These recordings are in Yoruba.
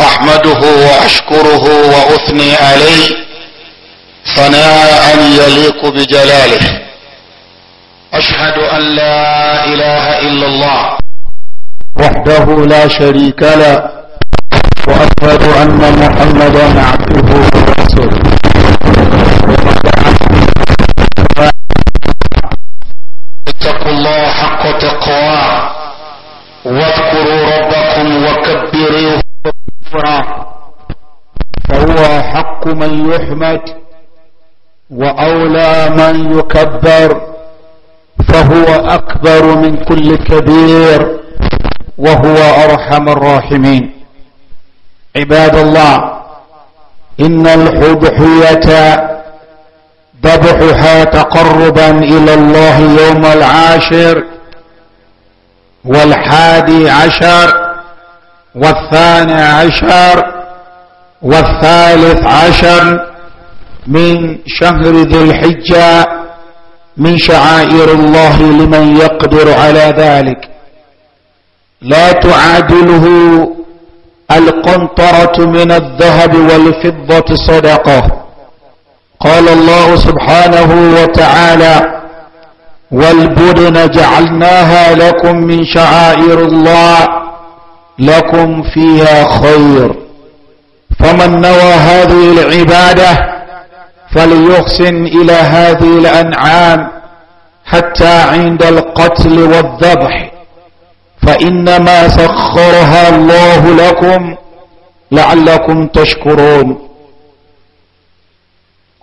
احمده واشكره واثني عليه ثناء يليق بجلاله اشهد ان لا اله الا الله وحده لا شريك له واشهد ان محمدا عبده ورسوله اتقوا الله حق تقواه واذكروا ربكم وكبروه مشكورا فهو حق من يحمد وأولى من يكبر فهو أكبر من كل كبير وهو أرحم الراحمين عباد الله إن الحبحية ذبحها تقربا إلى الله يوم العاشر والحادي عشر والثاني عشر والثالث عشر من شهر ذي الحجة من شعائر الله لمن يقدر على ذلك لا تعادله القنطرة من الذهب والفضة صدقة قال الله سبحانه وتعالى والبدن جعلناها لكم من شعائر الله لكم فيها خير فمن نوى هذه العبادة فليحسن إلى هذه الأنعام حتى عند القتل والذبح فإنما سخرها الله لكم لعلكم تشكرون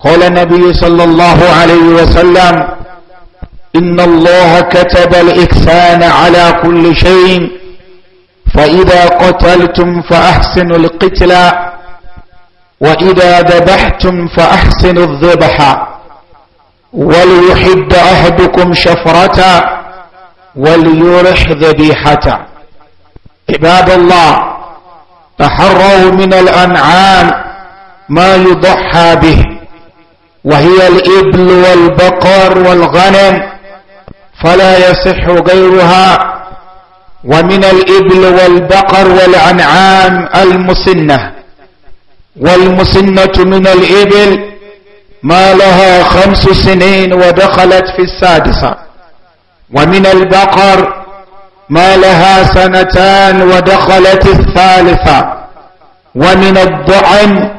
قال النبي صلى الله عليه وسلم إن الله كتب الإحسان على كل شيء فإذا قتلتم فأحسنوا القتلى وإذا ذبحتم فأحسنوا الذبح وليحد أحدكم شفرة وليرح ذبيحة عباد الله تحروا من الأنعام ما يضحى به وهي الإبل والبقر والغنم فلا يصح غيرها ومن الإبل والبقر والأنعام المسنة والمسنة من الإبل ما لها خمس سنين ودخلت في السادسة ومن البقر ما لها سنتان ودخلت الثالثة ومن الضعن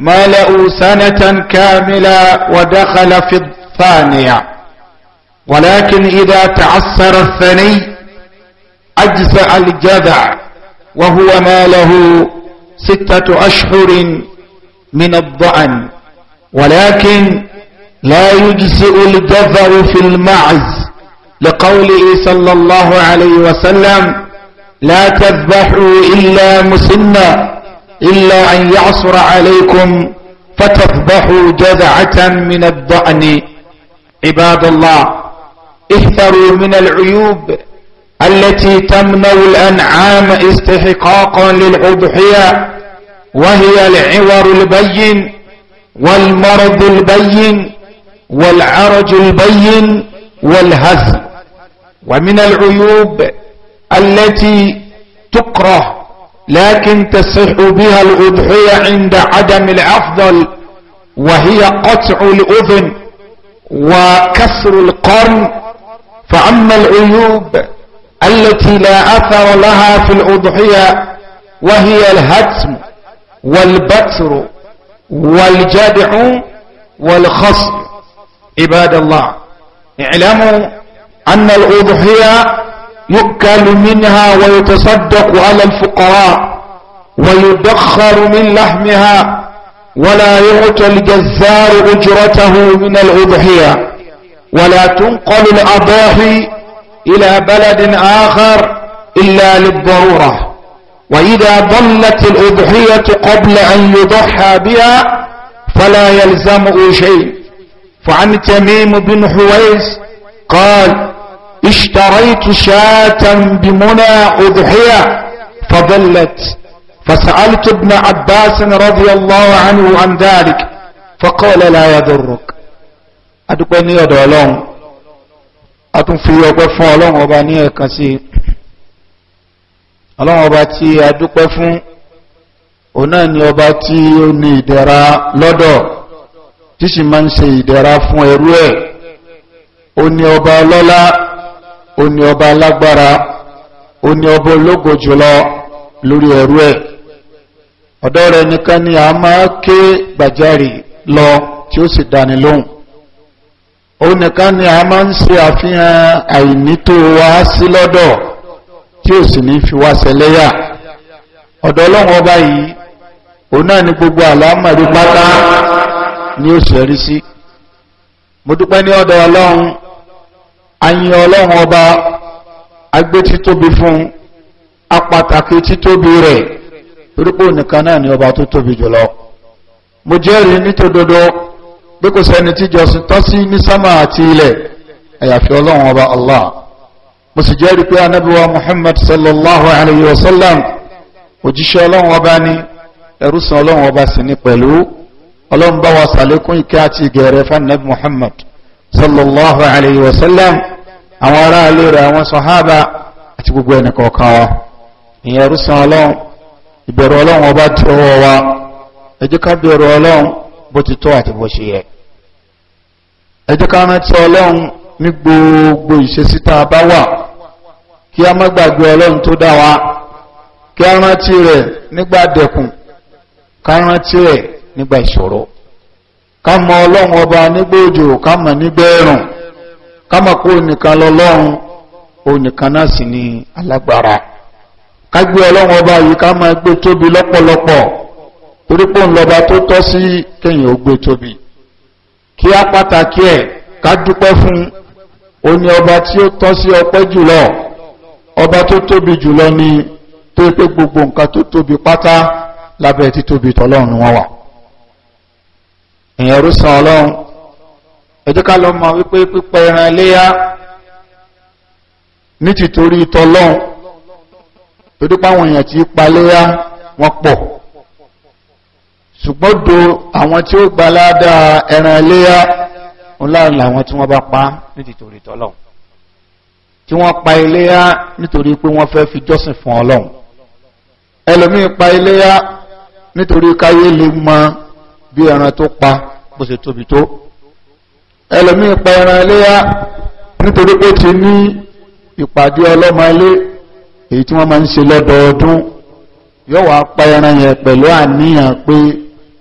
ما له سنة كاملة ودخل في الثانية ولكن إذا تعسر الثني أجزع الجذع وهو ما له ستة أشهر من الضأن ولكن لا يجزئ الجذع في المعز لقوله صلى الله عليه وسلم لا تذبحوا إلا مسنا إلا أن يعصر عليكم فتذبحوا جذعة من الضأن عباد الله احذروا من العيوب التي تمنع الأنعام استحقاقا للأضحية وهي العور البين والمرض البين والعرج البين والهزل ومن العيوب التي تكره لكن تصح بها الأضحية عند عدم الأفضل وهي قطع الأذن وكسر القرن فأما العيوب التي لا أثر لها في الأضحية وهي الهتم والبتر والجدع والخصر عباد الله اعلموا أن الأضحية يؤكل منها ويتصدق على الفقراء ويدخر من لحمها ولا يعطى الجزار أجرته من الأضحية ولا تنقل الأضاحي إلى بلد آخر إلا للضرورة وإذا ضلت الأضحية قبل أن يضحى بها فلا يلزمه شيء فعن تميم بن حويس قال اشتريت شاة بمنى أضحية فضلت فسألت ابن عباس رضي الله عنه عن ذلك فقال لا يضرك أدقني يا لهم a tún fi ọpẹ́ fún ọlọ́run ọba ní ẹ̀kan sí ọlọ́run ọba tí a dúpẹ́ fún òun náà ni ọba tí ó ní ìdẹ̀ra lọ́dọ̀ tí sì máa ń ṣe ìdẹ̀ra fún ẹrú ẹ̀ ó ní ọba ọlọ́lá ó ní ọba alágbára ó ní ọba ológo jùlọ lórí ẹrú ẹ̀ ọ̀dọ̀ rẹ̀ nìkan ni a máa ké gbàjarì lọ tí ó sì dáni lóhùn òun nìkan ni a máa ń ṣe àfihàn àìnító wa sí lọ́dọ̀ tí ò sì ní fi wá ṣẹlẹ́yà ọ̀dọ̀ ọlọ́run ọba yìí òun náà ni gbogbo àlámọ̀rí pátá ni ó ṣẹ̀rí sí mo dúpẹ́ ní ọ̀dọ̀ ọlọ́run ayin ọlọ́run ọba agbé títóbi fún apàtàkì títóbi rẹ̀ torípò nìkan náà ni ọba tó tóbi jùlọ mo jẹ́rìí nítòdodo bí kò sẹ́ni tí jọ́sìn tọ́ sí ní sámà àti ilẹ̀ àyàfi ọlọ́run ọba allah mo sì jẹ́rìí pé anábíwá muhammad sallallahu alayhi wa sallam òjíṣẹ́ ọlọ́run ọba ní ẹrúsàn ọlọ́run ọba sì ní pẹ̀lú ọlọ́run bá wa sàlékún ìkẹ́ àti ìgẹ̀rẹ̀ fanabi muhammad sallallahu alayhi wa sallam àwọn ará rẹ̀ àwọn sọ̀hábà àti gbogbo ẹnì kọ̀ọ̀kan wa ìyẹn ẹrúsàn ọlọ́run ìbẹ̀rù ọlọ́run ọba tí ọwọ́ wa ẹ ká bẹ̀rù ọlọ́run bó ti tó àti bó ṣe yẹ ẹ jẹ́ ká rántí ọlọ́run ní gbogbo ìṣesí tá a bá wà kí a má gbàgbé ọlọ́run tó dá wa kí a rántí rẹ̀ nígbà dẹ̀kùn ká rántí rẹ̀ nígbà ìṣòro ká mọ ọlọ́run ọba nígbà òjò ká mọ̀ nígbà ẹ̀rùn ká mọ̀ kó nìkan lọ́lọ́run onìkan náà sì ni alágbára ká gbé ọlọ́run ọba yìí ká máa gbé tóbi lọ́pọ̀lọpọ̀ torí pé ń lọba tó tọ́ sí kéèyàn ó gbé tóbi kí á pàtàkì ẹ̀ ká dúpẹ́ fún ó ní ọba tí ó tọ́ sí ọpẹ́ jùlọ ọba tó tóbi jùlọ ni tó pé gbogbo nǹkan tó tóbi pátá lábẹ́ tí tóbi tọ́lọ́run wọn wà èèyàn rú ọlọ́run ẹ lọ mọ̀ wípé pípẹ́ ẹran iléyá ní tìtorí tọ́lọ́run torí àwọn èèyàn ti pa iléyá wọn pọ̀ ṣùgbọ́n do àwọn tí ó gba ládàá ẹran iléyá ńláàrin làwọn tí wọ́n bá pa nítorí tọ́lọ́hun tí wọ́n pa iléyá nítorí pé wọ́n fẹ́ fi jọ́sìn fún ọlọ́hun ẹlòmíì pa iléyá nítorí káyé lè mọ bí ẹran tó pa bó ṣe tóbi tó ẹlòmíì pa ẹran iléyá nítorí pé ti ní ìpàdé ọlọ́mọ ilé èyí tí wọ́n máa ń ṣe lọ́dọọdún yóò wá pa ẹran yẹn pẹ̀lú àníyàn pé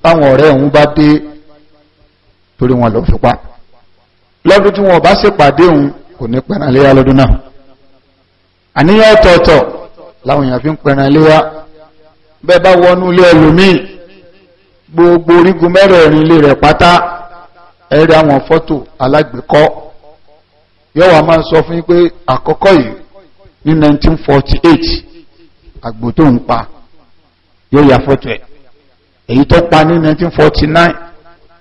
táwọn ọ̀rẹ́ òun bá dé torí wọn lọ fipá lọ́dún tí wọn bá ṣèpàdé òun kò ní pẹ̀ràn léyà lọ́dún náà àníyàn ọ̀tọ̀ọ̀tọ̀ láwọn èèyàn fi ń pẹ̀ràn léyà bẹ́ẹ̀ bá wọnú ilé ẹlòmíì gbogbo orígun mẹ́rẹ̀ẹ̀rin ilé rẹ̀ pátá ẹ̀rí àwọn fọ́tò alágbèékọ́ yóò máa sọ fún pé àkọ́kọ́ yìí ní 1948 àgbò tó ń pa yóò ya fọ́tò ẹ̀ èyí tó pa ní 1949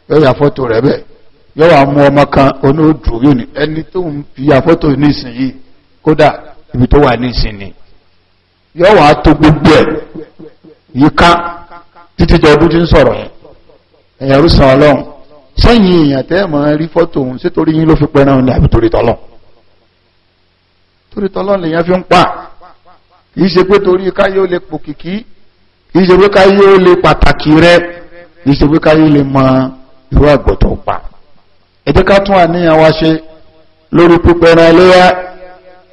yóò ya fọ́tò rẹ̀ bẹ́ẹ̀ yóò wà mú ọmọ kan onóòdù yóò ní ẹni tó ń fi ya fọ́tò nísìnyí kódà ibi tó wà nísìnyí yóò wà tó gbogbo ẹ̀ yíká títí jọ ọdún tí ń sọ̀rọ̀ yẹn ẹ̀yà rúsàn ọlọ́run sẹ́yìn èèyàn tẹ́ mọ̀ rí fọ́tò òun sí torí yín ló fi pẹ́ràn ní àbí torí tọ́lọ́ torí tọ́lọ́ lèyàn fi ń pa kìí ṣe pé torí káyé ó lè pò kìkì ìṣèwéka yóò lè pàtàkì rẹ ìṣèwéka yóò lè mọ irú àgbọ̀tọ̀ pa ẹ jẹ́ ká tún àníyàn wa ṣe lórí pípẹ́ ẹran ẹlẹ́yà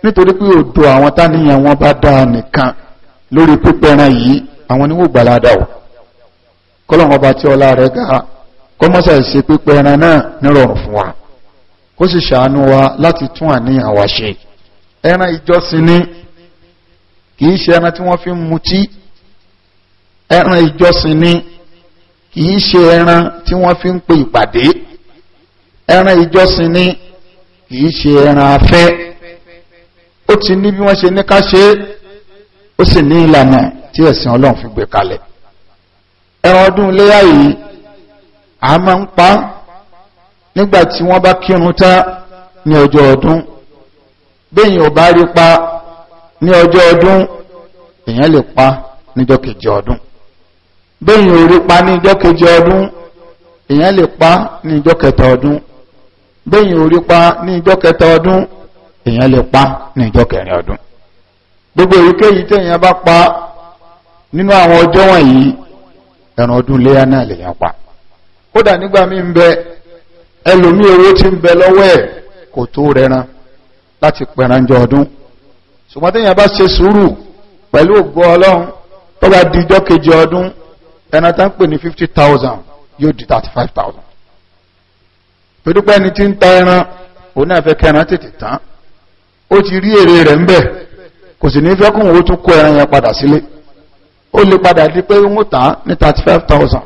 nítorí pé òdo àwọn táníyàn wọn bá dáa nìkan lórí pípẹ́ ẹran yìí àwọn ni wọ́n gbàládà o kọ́lọ́mọ bá tí ọlá rẹ̀ ga kọ́mọ́sà ìṣe pípẹ́ ẹran náà nírọ̀rùn fún wa kó sì ṣàánú wa láti tún àníyàn wa ṣe ẹran ìjọsìn ni kì í ṣe ẹran tí wọ́n fi ń mutí ẹran ìjọsìn ni kìí ṣe ẹran tí wọ́n fi ń pe ìpàdé ẹran ìjọsìn ni kìí ṣe ẹran afẹ́ ó ti ní bí wọ́n ṣe ní ká ṣe é ó sì ní ìlànà tí ẹ̀sìn ọlọ́run fi gbé kalẹ̀ ẹran ọdún iléyà yìí a máa ń pa nígbà tí wọ́n bá kírun tá ní ọjọ́ ọdún bẹ́yìn ò bá rí pa ní ọjọ́ ọdún èèyàn lè pa níjọ́ kejì ọdún bẹ́yìn orí pa ní ìjọ́ kejì ọdún èèyàn lè pa ní ìjọ́ kẹta ọdún bẹ́yìn orí pa ní ìjọ́ kẹta ọdún èèyàn lè pa ní ìjọ́ kẹrin ọdún gbogbo èyíkéyìí tẹ̀yàn bá pa nínú àwọn ọjọ́ wọ̀nyí ẹran ọdún léyà náà lèyàn pa kódà nígbà mí ń bẹ ẹlòmí owó tí ń bẹ lọ́wọ́ ẹ̀ kò tó rẹran láti pẹranjọ ọdún ṣùgbọ́n tẹ̀yàn bá ṣe sùúrù pẹ̀lú ògbó ọlọ́run tó bá di ìjọ́ kejì ọdún ẹni tá ń pè ní fifty thousand yóò di thirty five thousand pẹ̀lúpẹ́ ẹni tí ń ta ẹran òun náà fẹ́ kẹran tètè tán ó ti rí èrè rẹ̀ ń bẹ̀ kò sì ní fẹ́ kóun ó tún kó ẹran yẹn padà sílé ó lè padà di pé wọ́n tà á ní thirty five thousand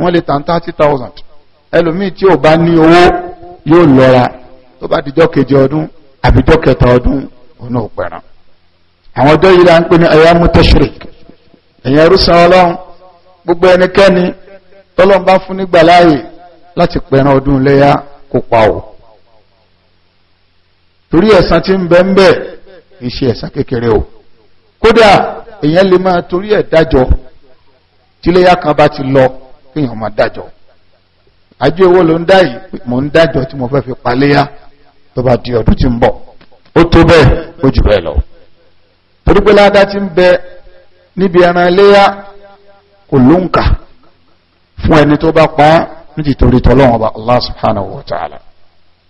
wọ́n lè tà thirty thousand ẹlòmíì tí ò bá ní owó yóò lọ́ra tó bá dijọ́ kejì ọdún àbíjọ́ kẹta ọdún òun náà pẹ̀ràn àwọn ọjọ́ yìí la ń pè ní ayámú tashrik ẹ̀yìn ẹrú san ọlọ́run gbogbo ẹnikẹ́ni tọ́lọ́n bá fún nígbà láàyè láti pẹ̀ran ọdún pa ò torí ẹ̀san tí ń ń o kódà èèyàn lè máa torí ẹ̀ dájọ́ tí iléyá kan bá ti lọ kéèyàn máa dájọ́ àjọ owó ló ń dá yìí mò ń dájọ́ tí mo fẹ́ fi tó bá di ọdún lọ torí pé ládá ti ń bẹ kò lóǹkà fún ẹni tó bá pa á níti torí tọ́lọ́wọ́n ọba Allah subhanahu wa ta'ala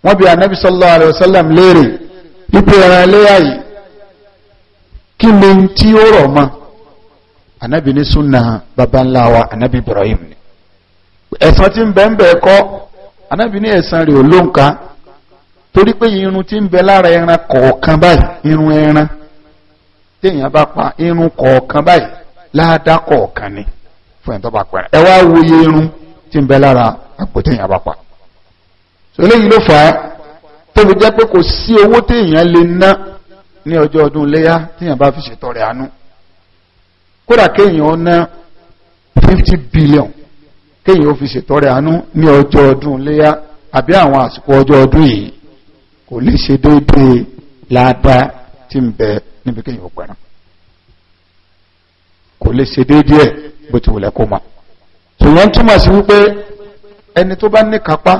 wọ́n bí anábì sallallahu alaihi wasallam léèrè wípé ẹran iléyà yìí kí ni tí ó rọ̀ mọ́ anábì ní súnà baba wa Ibrahim ni ẹ̀san ti ń bẹ ń bẹ kọ́ anábì ní ẹ̀san rẹ̀ olóǹkà torí pé irun ti ń bẹ lára ẹran kọ̀ọ̀kan fún ẹ̀ntọ́ bá pẹ̀rẹ̀ ẹ wá wo iye irun tí ń bẹ lára àpò téèyàn bá pa so eléyìí ló fà á tó fi jẹ́ pé kò sí owó téèyàn lè ná ní ọjọ́ ọdún léyá téèyàn bá fi ṣètọrẹ àánú kódà kéèyàn ná fifty billion kéèyàn ó fi ṣètọrẹ àánú ní ọjọ́ ọdún léyá àbí àwọn àsìkò ọjọ́ ọdún yìí kò lè ṣe déédéé ládàá tí ń bẹ níbi kéèyàn ó pẹ̀rẹ̀ kò lè ṣe déédéé bó ti wùlẹ̀ kó mọ̀ ṣùgbọ́n túmọ̀ sí wípé ẹni tó bá ní kápá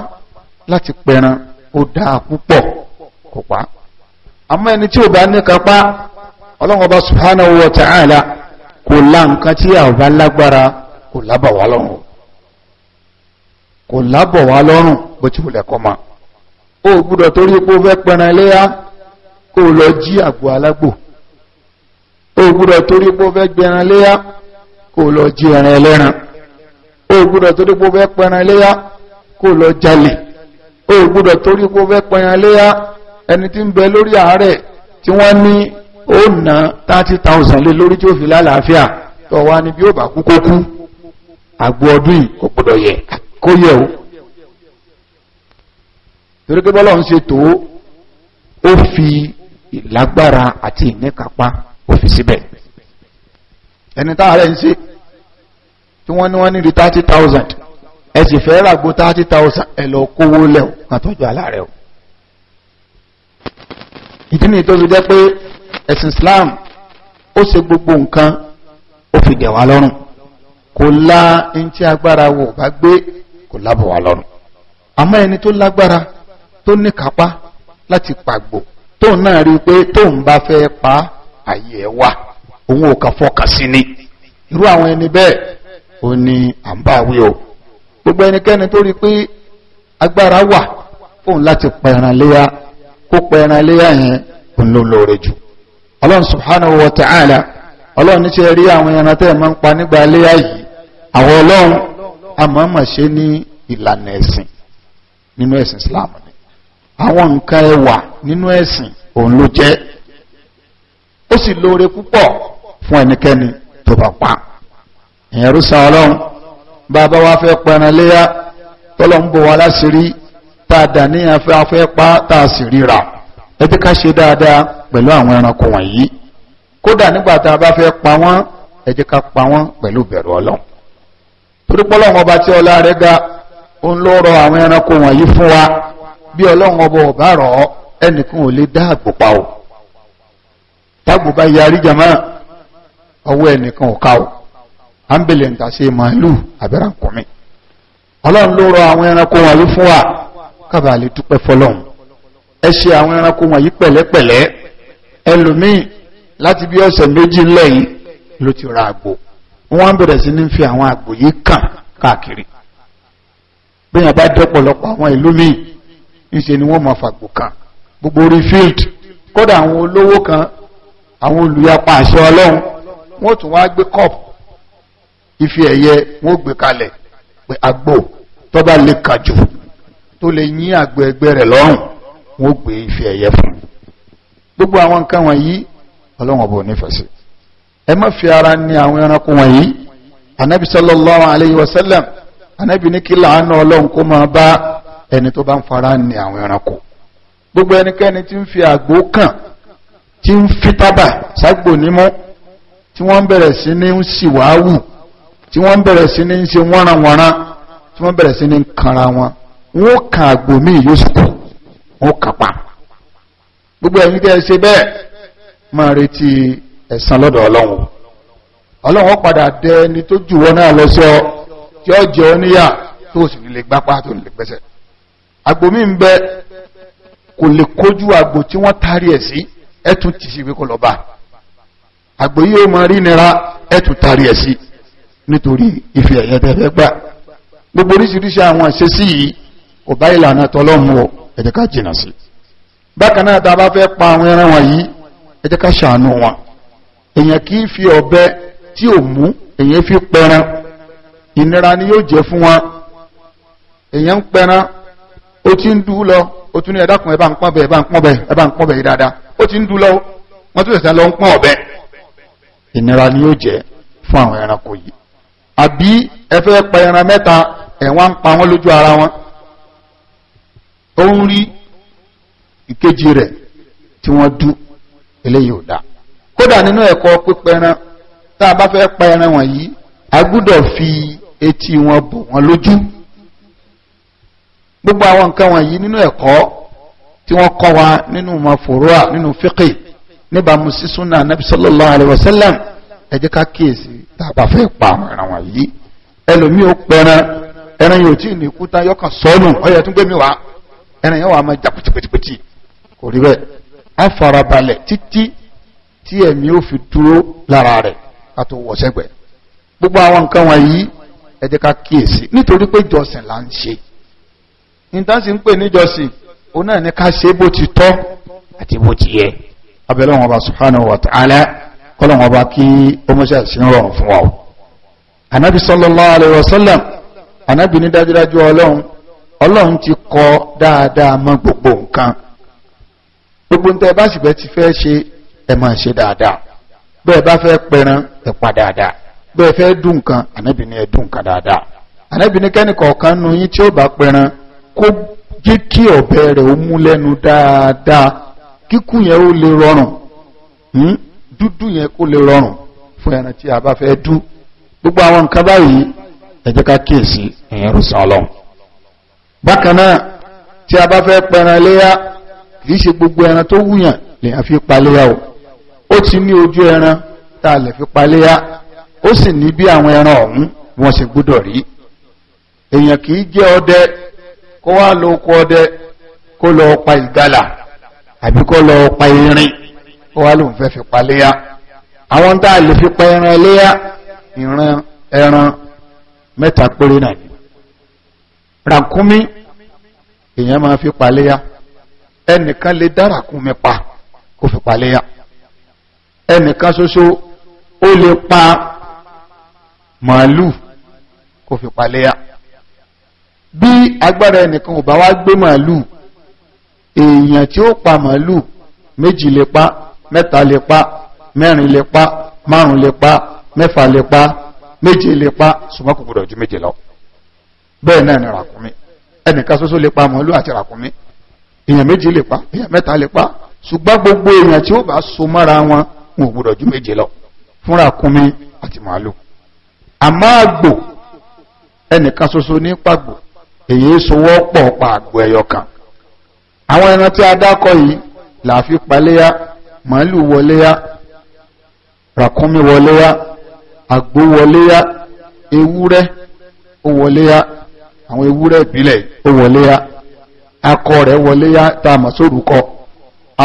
láti pẹran ó dáa púpọ̀ kò pa àmọ́ ẹni tí ò bá ní kápá ọlọ́run ọba subhanahu wa ta'ala kò la nǹkan tí a ò bá lágbára kò lábọ̀ wá lọ́rùn kò lábọ̀ wá lọ́rùn bó ti wùlẹ̀ kó mọ̀ ó gbúdọ̀ torí pé ó fẹ́ pẹran iléyà kó lọ jí àgbò alágbò ó gbúdọ̀ torí pé ó fẹ́ gbẹran iléyà kó lọ jí ẹran ẹlẹ́ran ó gbúdọ̀ torí pé ó fẹ́ pẹran léyà kó lọ jalè ó gbúdọ̀ torí pé fẹ́ pẹran léyà ẹni tí ń bẹ lórí àárẹ̀ tí wọ́n ní ó ná thirty thousand lé lórí tí ó fi lálàáfíà tó wá ní bí ó bá kú kó kú àgbo ọdún yìí kò gbọdọ̀ yẹ kó yẹ o torí pé bọ́lá ń ṣe tó ó fi ìlágbára àti ìníkapá ó fi síbẹ̀ ẹni táàrẹ̀ ń ṣe tí wọ́n ní wọ́n ní di thirty thousand ẹ sì fẹ́ ràgbó thirty thousand ẹ lọ kówó lẹ̀ o àtọ́jú aláàrẹ̀ o. ìdí nìyí tó fi jẹ́ pé ẹ̀sìn Islam ó ṣe gbogbo nǹkan ó fi dẹ̀ wá lọ́rùn kò la ẹni tí agbára wò bá gbé kò lábọ̀ wá lọ́rùn àmọ́ ẹni tó lágbára tó ní kápá láti pàgbò tóun náà rí i pé tóun bá fẹ́ pa àyè ẹ̀ wà. òun ò kà fọkàn sí ni irú àwọn ẹni bẹ́ẹ̀ ní o gbogbo ẹnikẹ́ni tó rí pé agbára wà fóun láti pẹran léyà kó léyà yẹn o ló lóore jù ọlọ́run subhanahu wa ta'ala ọlọ́run ní ṣe rí àwọn ẹran tẹ́ máa ń pa nígbà léyà yìí àwọn ọlọ́run ṣe ní ìlànà ẹ̀sìn nínú ẹ̀sìn Islam ni àwọn nǹkan ẹwà nínú ẹ̀sìn òun ló jẹ́ ó sì lóore fún ẹnikẹ́ni tó bá pa ìyẹn rúṣà ọlọ́run bàbá wa fẹ́ pẹran léyà tọ́lọ́ ń bò wá láṣìírí tá a dà ní afẹ́ pa tá a sì ríra ẹ jẹ́ ká ṣe dáadáa pẹ̀lú àwọn ẹranko wọ̀nyí kódà nígbà tá a bá fẹ́ pa wọ́n ẹ pa wọ́n pẹ̀lú bẹ̀rù ọlọ́run torí ọba tí ọlá ga ń àwọn ẹranko wọ̀nyí fún wa bí ọlọ́run ọba rọ̀ ẹnìkan ò lè ọwọ́ ẹnìkan ò ká o ambulance tàṣe màálù àbẹ̀rẹ̀ nkùnmi ọlọ́run ló rọ àwọn ẹranko wọn fún wa lè fọlọ́run ẹ ṣe àwọn ẹranko wọn yìí pẹ̀lẹ́pẹ̀lẹ́ ẹlòmíì láti bí ọ̀sẹ̀ méjì lẹ́yìn ló ti ra kàn káàkiri bá àwọn ìlú míì níṣe ni máa fàgbò gbogbo orí kódà àwọn olówó kan àwọn wọ́n tún wá gbé cup ife ẹ̀yẹ wọ́n gbé kalẹ̀ pé àgbò tó lè kàjù tó lè yín àgbò ẹgbẹ́ rẹ̀ lọ́rùn ife ẹ̀yẹ fún gbogbo àwọn nǹkan wọ̀nyí ọlọ́wọ̀n bò nífẹ̀ẹ́ ẹ má fi ara ní àwọn ẹranko wọ̀nyí anabi sallallahu alayhi wa anabi ní kí làánú ọlọ́run kó máa bá ẹni ní àwọn ẹranko gbogbo ẹnikẹ́ni tí ń fi kàn tí ń fi tábà ságbò tí wọ́n bẹ̀rẹ̀ sí ní ń ṣìwáwù tí wọ́n bẹ̀rẹ̀ sí ní ń ṣe wọ́nranwọ́nran wọ́n bẹ̀rẹ̀ sí ní ń kanra wọn wọ́n kà àgbò míì yóò gbogbo ẹ̀yin tẹ́ ẹ ṣe bẹ́ẹ̀ máa retí ẹ̀san lọ́dọ̀ ọlọ́run ọlọ́run padà dẹ ẹni tó jù wọ́n náà lọ sí ọ tí ó gbapa ọ níyà tó sì nílé k'o tó koju gbẹ́sẹ̀ àgbò míì ń bẹ kò lè lọ àgbò yóò máa rí nira ẹ̀tù tari ẹ̀ sí nítorí ìfẹ́ ẹ̀yẹ́dẹ́fẹ́ gbà gbogbo oríṣiríṣi àwọn ìṣesí yìí kò bá ìlànà tọlọ́mù o ẹ jẹ́ ká jìnà sí bákan náà tá a bá fẹ́ pa àwọn ẹran wọ̀nyí ẹ jẹ́ ká ṣàánú wọn èèyàn kì í fi ọ̀bẹ tí ò mú èèyàn fi pẹran ìnira ó ti ń dú lọ ó tún ní ẹ̀dákùn ẹ̀ bá ń pọ́n bẹ́ẹ̀ ẹ̀ ń pọ́n bẹ́ẹ̀ dáadáa ó ti ń dú lọ wọ́n tún ṣẹ̀ṣẹ̀ lọ ń pọ́n ọ̀bẹ ìnira ni yóò jẹ́ fún àwọn ẹranko yìí àbí ẹ fẹ́ pa ẹran mẹ́ta ẹ̀wọ̀n ń pa wọ́n lójú ara wọn ó ń rí ìkejì rẹ̀ tí wọ́n dú eléyìí ò dá kódà nínú ẹ̀kọ́ pípẹ́ ẹran tá a bá fẹ́ pa ẹran wọ̀nyí a gbúdọ̀ fi etí wọn bò wọn lójú gbogbo àwọn nǹkan wọ̀nyí nínú ẹ̀kọ́ tí wọ́n kọ́ wa nínú mọ̀fòrúà nínú fíkì níbàámu sí súnà nàbí sallallahu alaihi wasallam ká kíyèsí tá fẹ́ pa àwọn ẹran wọ̀nyí ẹlòmíì ó pẹran ẹran yóò tí ní kúta yọkàn sọnù tún mi wá ẹran yẹn wà máa já pìtìpìtìpìtì kò rí bẹ́ẹ̀ títí tí gbogbo àwọn nǹkan ká kíyèsí nítorí pé jọsìn là ń ṣe nítorí níjọsìn òun náà ti àti bó ti abẹ́lẹ́ wọn bá subhanahu wa ta'ala kọ́lọ̀ wọn bá kí ó mọ́ṣẹ́ sí rọrùn fún wa anabi sallallahu alayhi wa sallam anabi ní dájúdájú ọlọ́run ọlọ́run ti kọ dáadáa mọ́ gbogbo nǹkan gbogbo nǹkan bá sì fẹ́ ti fẹ́ ṣe ẹ máa ṣe dáadáa bẹ́ẹ̀ bá fẹ́ pẹran ẹ pa dáadáa bẹ́ẹ̀ fẹ́ dùn nǹkan anabi ní ẹ dùn nǹkan dáadáa anabi ní kẹ́nìkọ̀ọ̀kan nu yín tí ó bá pẹran kó jẹ́ kí ọ̀bẹ rẹ̀ ó mú lẹ́nu dáadáa kíkú yẹn ó lè rọrùn hmm? dúdú yẹn kó lè rọrùn fún ẹran tí a bá fẹ́ dú gbogbo àwọn nǹkan báyìí ẹ jẹ́ ká kíyèsí ẹ̀yẹn rúsàn ọlọ́run bákan náà tí a bá fẹ́ pẹran léyà kì í ṣe gbogbo ẹran tó wúyàn lèyàn fi paléyà o ó ti ní ojú ẹran tá a lè fi paléyà ó sì ní bí àwọn ẹran ọ̀hún wọ́n ṣe gbọ́dọ̀ rí èèyàn kì í jẹ́ ọdẹ kó wá lóko ọdẹ kó lọ pa ìgalà àbí kó lọ pa irin ó wá lóun fẹ́ fi pa léyà àwọn tá a lè fi pa ẹran léyà ìran ẹran mẹ́ta péré náà ni ràkúnmí èèyàn máa fi pa léyà ẹnìkan lè dá ràkúnmí pa kó fi pa léyà ẹnìkan ṣoṣo ó lè pa màálù kó fi pa léyà bí agbára ẹnìkan ò bá wá gbé màálù èèyàn tí ó pa màálù méjì lè pa mẹ́ta lè pa mẹ́rin lè pa márùn lè pa mẹ́fà lè pa méje lè pa ṣùgbọ́n kò gbọdọ̀ ju méje lọ bẹ́ẹ̀ náà ni ràkúnmí ẹnìkan ṣoṣo lè pa màálù àti ràkúnmí èèyàn méjì lè èèyàn mẹ́ta lè ṣùgbọ́n gbogbo èèyàn tí ó bá so mọ́ra wọn wọn ò ju méje lọ fún ràkúnmí àti màálù àmọ́ ẹnìkan ṣoṣo ní pàgbò èyí sowọ́ pọ̀ pa ẹyọ kan àwọn ẹran tí a dákọ yìí làáfi paléyá màálù wọléyá ràkúnmí wọléyá àgbò wọléyá ewúrẹ́ ó wọléyá àwọn ó wọléyá akọ rẹ wọléyá tá a mọ̀ sórúkọ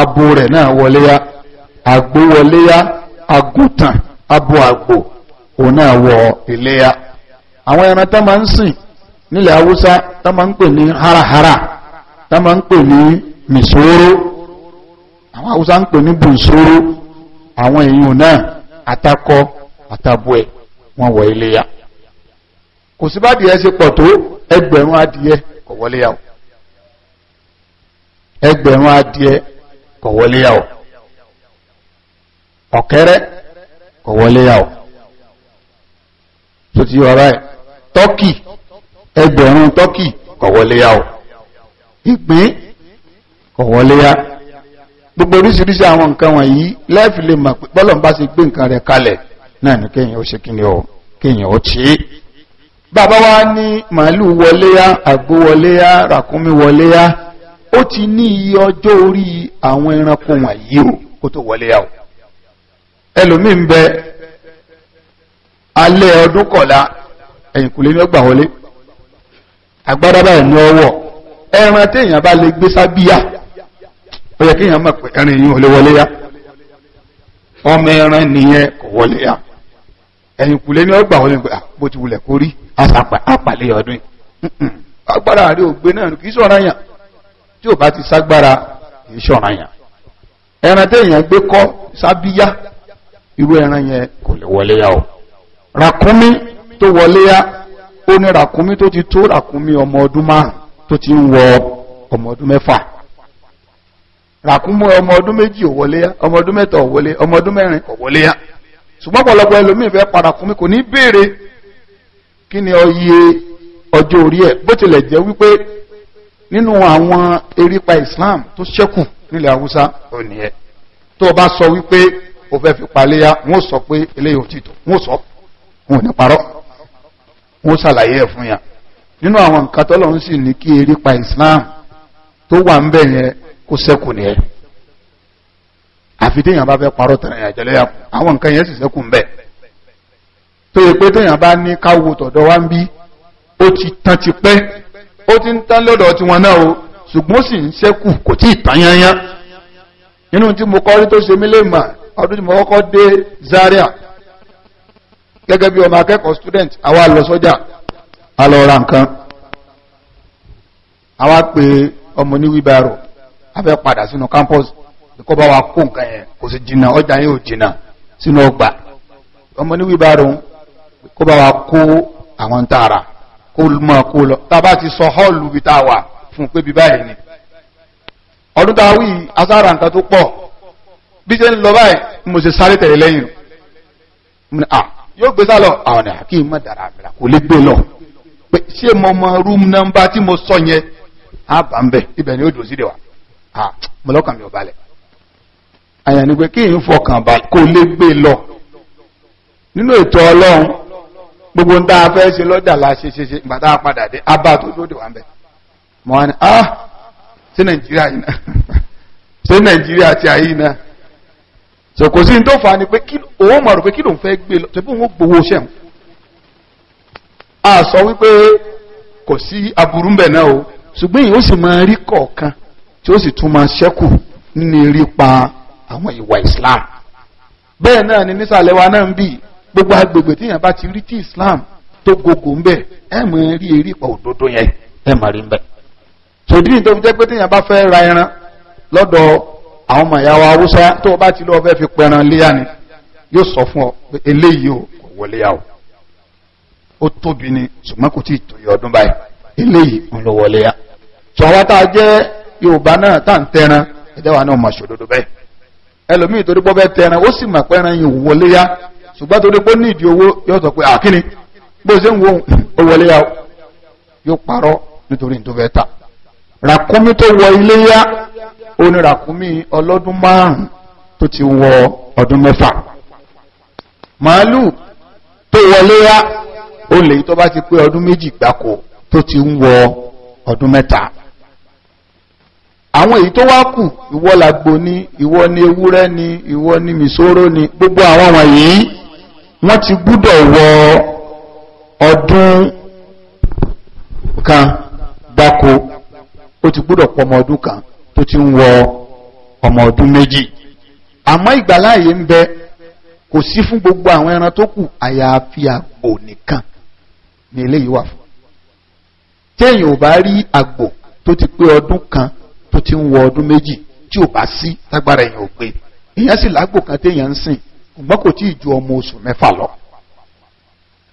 abo náà wọléyá àgbò wọléyá àgùntàn abo àgbò òun náà wọ iléyá àwọn ẹran tá máa ń tá máa ń pè ní mìsóró àwọn haúsá ń pè ní bùsóró àwọn èèyàn náà àtakọ àtàbọ̀ ẹ̀ wọ́n wọ iléyá kò sí bá adìyẹ ṣe pọ̀ tó ẹgbẹ̀rún adìyẹ kò wọlé yà ó ẹgbẹ̀rún adìyẹ kò ọ̀kẹ́rẹ́ kò tó ti yọ ara ẹ̀ tọ́kì ẹgbẹ̀rún tọ́kì kò ìpín kọ̀wọ́léyá gbogbo oríṣiríṣi àwọn nǹkan wọ̀nyí lẹ́ẹ̀fì lè mọ̀ pé bá ṣe gbé nǹkan rẹ̀ kalẹ̀ náà ní kéèyàn ó ṣe kíni ọ ó bàbá wa ní màálù àgbó ràkúnmí ó ti ní iye ọjọ́ orí àwọn ẹranko wọ̀nyí o kó tó o bẹ alẹ́ ọdún ẹ̀yìnkùlé wọlé ní ọwọ́ ẹran téèyàn bá lè gbé sábíyà ó yẹ kéèyàn mọ̀ pé ẹran yìí ò lè wọlé yá ọmọ ẹran nìyẹn kò wọlé yá ẹ̀yìn kùlé ní ọgbà wọlé ti wulẹ̀ kórí àpàlẹ́ ọdún agbára rẹ̀ ògbé náà kì í sọ̀rọ̀ yàn tí ò bá ti ságbára kì í sọ̀rọ̀ yàn ẹran gbé kọ́ irú ẹran yẹn kò lè wọlé o ràkúnmí tó wọlé ti tó ràkúnmí ọmọ ọdún márùn tó ti ń wọ ọmọ ọdún mẹ́fà ràkúnmọ́ ọmọ ọdún méjì ò wọlé yá ọmọ ọdún mẹ́ta ò wọlé ọmọ ọdún mẹ́rin ò wọlé yá ṣùgbọ́n pọ̀lọpọ̀ ẹlòmíì fẹ́ padà kún mi kò ní béèrè kí ni ọyẹ ọjọ́ orí ẹ̀ bó tilẹ̀ jẹ́ wípé nínú àwọn erípa Islam tó ṣẹ́kù nílẹ̀ Haúsá ò nìyẹn tó o bá sọ wípé o fẹ́ fi paléyà wọ́n sọ pé eléyìí ò tìtò wọ́n sọ wọn ò ní parọ́ wọ́n ṣàlàyé ẹ̀ fún yàn nínú àwọn nǹkan tó lọ́n sì ní kí Islam tó wà ń bẹ̀ yẹn kó sẹ́kù nìyẹn àfi téèyàn bá fẹ́ parọ́ tẹ̀rẹ̀ àjẹlẹ́yà àwọn nǹkan yẹn sì sẹ́kù ń tó yẹ pé téèyàn bá ní káwo tọ̀dọ̀ wá ń bí ó ti tán ti pẹ́ ó ti ń tán lọ́dọ̀ tiwọn náà o ṣùgbọ́n ó sì ń sẹ́kù kò tí ì tán yányán nínú tí mo kọ́ rí tó ṣe mí lè mà ọdún tí a nǹkan a wá pé ọmọ ní wíbàrò a fẹ́ padà sínú campus bá wa kó nǹkan yẹn kò sì jìnnà ọjà yẹn ò sínú ọgbà ọmọ ní wíbàrò wa kó àwọn tààrà kó kó lọ ti sọ họ́ọ̀lù bí ta wà fún pé bí ni ọdún wí asára nǹkan tó pọ̀ bí ṣe ń lọ báyìí mo ṣe sáré tẹ̀lé lẹ́yìn yóò gbé sálọ àwọn lọ pé ṣé mo mọ room number tí mo sọ yẹn á bà ń bẹ̀ ibẹ̀ ni ó dùn sí de wa à mo mi ò balẹ̀ àyàn ni pé kí n fọkàn bá kó lè gbé e lọ nínú ètò ọlọ́run gbogbo ń tá a fẹ́ ṣe lọ́jà la ṣe ṣe ṣe ìgbà tá a padà dé á bá tó tó dè ń bẹ̀ mo wá ní ah ṣé nàìjíríà yìí náà ṣé nàìjíríà ti àyè yìí náà sọ kò sí ní tó fà á ni pé kí òun mọ̀ rò pé kí lòun fẹ́ gbé e lọ tẹ́bí òun gbowó ṣẹ́wọ̀n a sọ wípé kò sí aburú ń bẹ̀ náà o ṣùgbọ́n yìí ó sì máa rí kọ̀ọ̀kan tí ó sì tún máa ṣẹ́kù nínú rípa àwọn ìwà Islam bẹ́ẹ̀ náà ni nísàlẹ̀ wa náà ń bì gbogbo agbègbè tí bá ti rí tí Islam tó gògò ń bẹ̀ ẹ̀ mọ̀ rí erípa òdodo yẹn ẹ̀ mọ̀ rí ń bẹ̀ sòdí ní tó fi jẹ́ pé téèyàn bá fẹ́ ra ẹran lọ́dọ̀ àwọn ọmọ ìyá wa Haúsá tó o bá ti lọ́ọ́ fẹ́ fi pẹran léyà ni yóò sọ fún ọ eléyìí ò wọlé yà o ó tóbi ni ṣùgbọ́n kò tí ì tó yẹ ọdún báyìí eléyìí ń lọ wọlé ya sọ wá tá a jẹ́ yorùbá náà tá à ń tẹran ẹ̀jẹ̀ wa náà máa ṣòdodo bẹ́ẹ̀ ẹlòmíì torí pọ́ bẹ́ẹ̀ tẹran ó sì mà pé ẹran yìí wọlé ya ṣùgbọ́n torí pé ní ìdí owó yóò sọ pé àkíní bó ṣe ń wo ó wọlé ya yóò parọ́ nítorí ní tó fẹ́ ta ràkúnmí tó wọ ilé yá ó ní ràkúnmí ọlọ́dún márùn-ún tó ti wọ ọdún mẹ́fà màálù tó wọlé yá ó lè tó bá ti pé ọdún méjì gbáko tó ti ń wọ ọdún mẹ́ta àwọn èyí tó wá kù ìwọ làgbò ni ìwọ ni ewúrẹ́ ni ìwọ ni mìsóró ni gbogbo àwọn wọ̀nyí wọ́n ti gbúdọ̀ wọ ọdún kan gbáko ó ti gbúdọ̀ pọ ọmọ ọdún kan tó ti ń wọ ọmọ ọdún méjì àmọ́ ìgbàláyé ń bẹ kò sí fún gbogbo àwọn ẹran tó kù àyàfi àgbò nìkan ni eléyìí wà fún téèyàn ò bá rí àgbò tó ti pé ọdún kan tó ti ń wọ ọdún méjì tí ò bá sí lágbára èèyàn ò pé èèyàn sì lágbò kan téèyàn ń sìn ṣùgbọ́n kò tí ì ju ọmọ oṣù mẹ́fà lọ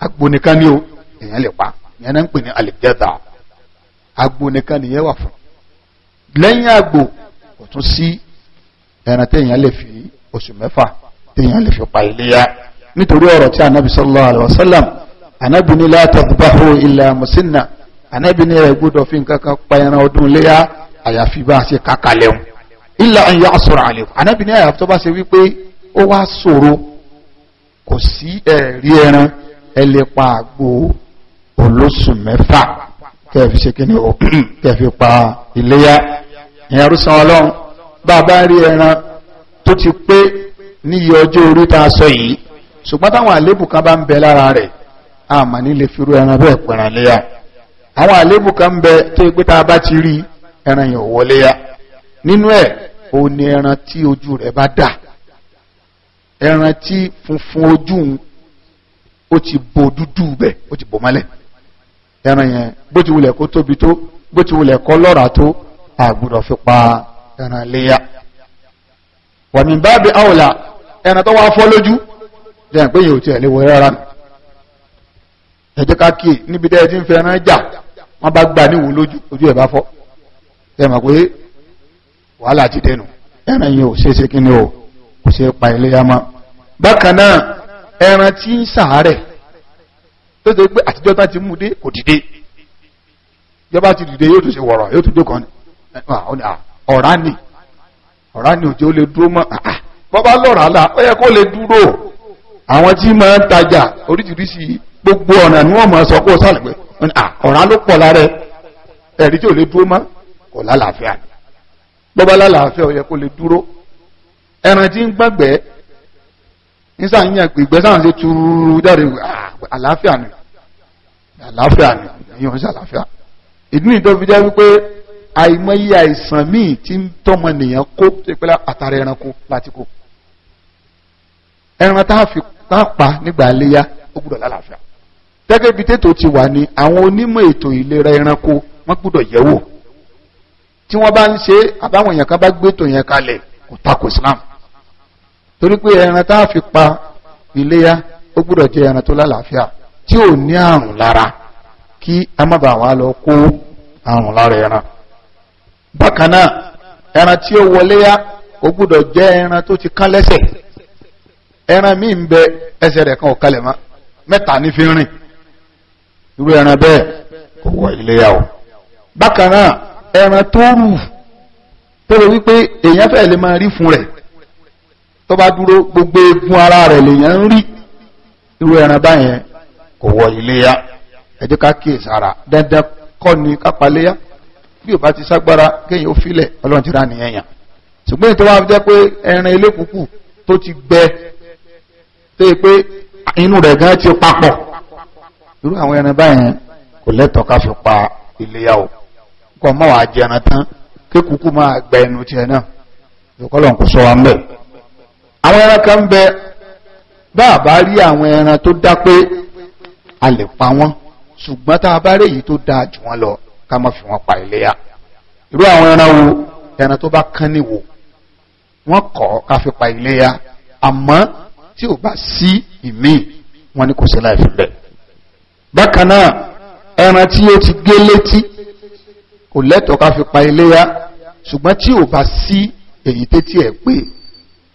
àgbò nìkan ni o èèyàn lè pa ìyẹn náà ń pè ní àlèjẹ́dà àgbò nìkan nìyẹn wà fún lẹ́yìn àgbò kò tún sí ẹran téèyàn lè fi oṣù mẹ́fà téèyàn lè fi pa iléyá nítorí ọ̀rọ̀ tí Ànábì sallallahu alaihi wasallam anabi ní látàgbàhó ilẹ̀ àmọ̀sínà anabi ní rẹ̀ gbọ́dọ̀ fi nǹkan kan pa ẹran ọdún léyà àyàfi bá a ṣe kàkàlẹ̀ wọn ilẹ̀ àyà sọ̀rọ̀ àlẹ́ anabi ní àyàfi tó bá ṣe wípé ó wá ṣòro kò sí ẹ̀rí ẹran ẹlẹ́pa àgbo olóṣù mẹ́fà kẹfì ṣe kí ni ó kẹfì pa iléyà ìyẹn arúsàn ọlọ́run bá a rí ẹran tó ti pé níyì ọjọ́ orí tá a sọ yìí ṣùgbọ́n táwọn àlébù kan bá ń bẹ lára rẹ̀ àmà nílé firú ẹran bẹ́ẹ̀ pẹ̀ràn léyà àwọn àléébù kan bẹ tó ipé tá bá ti rí ẹran yẹn wọ léyà nínú ẹ̀ ní ẹran tí ojú rẹ̀ funfun ojú ó ti bo dúdú bẹ̀ ó ti bò mọ́lẹ̀ ẹran yẹn bó ti wulẹ̀ kó tóbi tó bó ti wulẹ̀ kó lọ́ra tó àgbùdọ̀ fi pa ẹran léyà wàmí báàbí àwòlà ẹran tó wá fọ́ lójú ẹ jẹ́ ká kíyè níbi dẹ́ ẹ ti ń fẹ́ràn jà wọ́n bá gbà níwò lójú ojú ẹ̀ bá fọ́ ẹ mọ̀ pé wàhálà ti dẹnu ẹran yìí ò ṣe é ṣe kí ni o kò ṣe é pa iléyá mọ́ bákan náà ẹran tí ń sàárẹ̀ tó ṣe pé àtijọ́ tá ti mú dé kò dìde ìjọba ti dìde yóò tún ṣe wọ̀rọ̀ yóò tún jókòó ni ọ̀rá ni ọ̀rá ni òjò lè dúró mọ́ bọ́bá lọ́ràá là ó yẹ kó lè dúró àwọn tí máa ń tajà oríṣiríṣi gbogbo ọ̀nà ni wọ́n mọ̀ sọ kó sàlùgbẹ́ ọ̀rá ló pọ̀ lára ẹ̀rí tí ò lè dúró mọ́ kò lálàáfíà bọ́bá lálàáfíà ó yẹ kó lè dúró ẹran tí ń gbàgbẹ́ nísà ń yàn pé ìgbẹ́ ṣe tuuru jáde àlàáfíà ni àlàáfíà ni èèyàn ń ṣàlàáfíà ìdí nìyí tó fi jẹ́ wípé àìmọye àìsàn míì tí ń tọ́mọ nìyàn kó tó pẹ́ àtàrà ẹranko láti kó ẹran tá a fi pa nígbà léyà ó gbúdọ̀ lálàáfíà gẹ́gẹ́ bí tètò ti wà ní àwọn onímọ̀ ètò ìlera ẹranko wọ́n gbọ́dọ̀ yẹ̀wò tí wọ́n bá ń ṣe àbáwọn èèyàn kan bá yẹn kalẹ̀ kò Islam torí pé ẹran tá fi pa iléyá ó gbọ́dọ̀ ẹran tó lálàáfíà tí ò ní àrùn lára kí a má bàa wá lọ kó àrùn lára ẹran bákan náà ẹran tí ó ó ẹran tó ti kán lẹ́sẹ̀ ẹran míì ń bẹ ẹsẹ̀ rẹ̀ kan ò irú ẹran bẹ́ẹ̀ kò wọ iléyà o bákan náà ẹran tó rù tó lè wípé èèyàn fẹ́ lè máa rí fún rẹ̀ tó gbogbo egun ara rẹ̀ lèèyàn ń rí irú ẹran báyẹn kò wọ iléyà ẹ jẹ́ ká dandan kọ́ ni bí ò bá ti ságbára kéèyàn ó filẹ̀ ọlọ́run nìyẹn yàn ṣùgbọ́n ìtọ́ wá jẹ́ pé ẹran tó ti gbẹ tó yẹ pé inú rẹ̀ gan ti irú àwọn ẹran báyẹn kò lẹ́tọ̀ọ́ ká fi pa iléyà o kọ́ mọ́ wàá jẹran tán kékùkù máa gba ẹnu tiẹ̀ náà ìkọlọ̀ kò sọ wa ń bẹ̀. àwọn ẹran kan ń bẹ bá a bá rí àwọn ẹran tó dá pé a lè pa wọ́n ṣùgbọ́n tá a bá rí èyí tó dáa jù wọ́n lọ ká má fi wọ́n pa iléyà irú àwọn ẹran wo ẹran tó bá kán níwò wọ́n kọ́ ká fi pa iléyà àmọ́ tí ò bá sí ìmíì wọ́n ní kò sí láì fi bẹ́ẹ̀. bákan ẹran tí ó ti gé létí kò leto ká fi pa iléyá ṣùgbọ́n tí ò bá sí èyí tétí ẹ̀ pé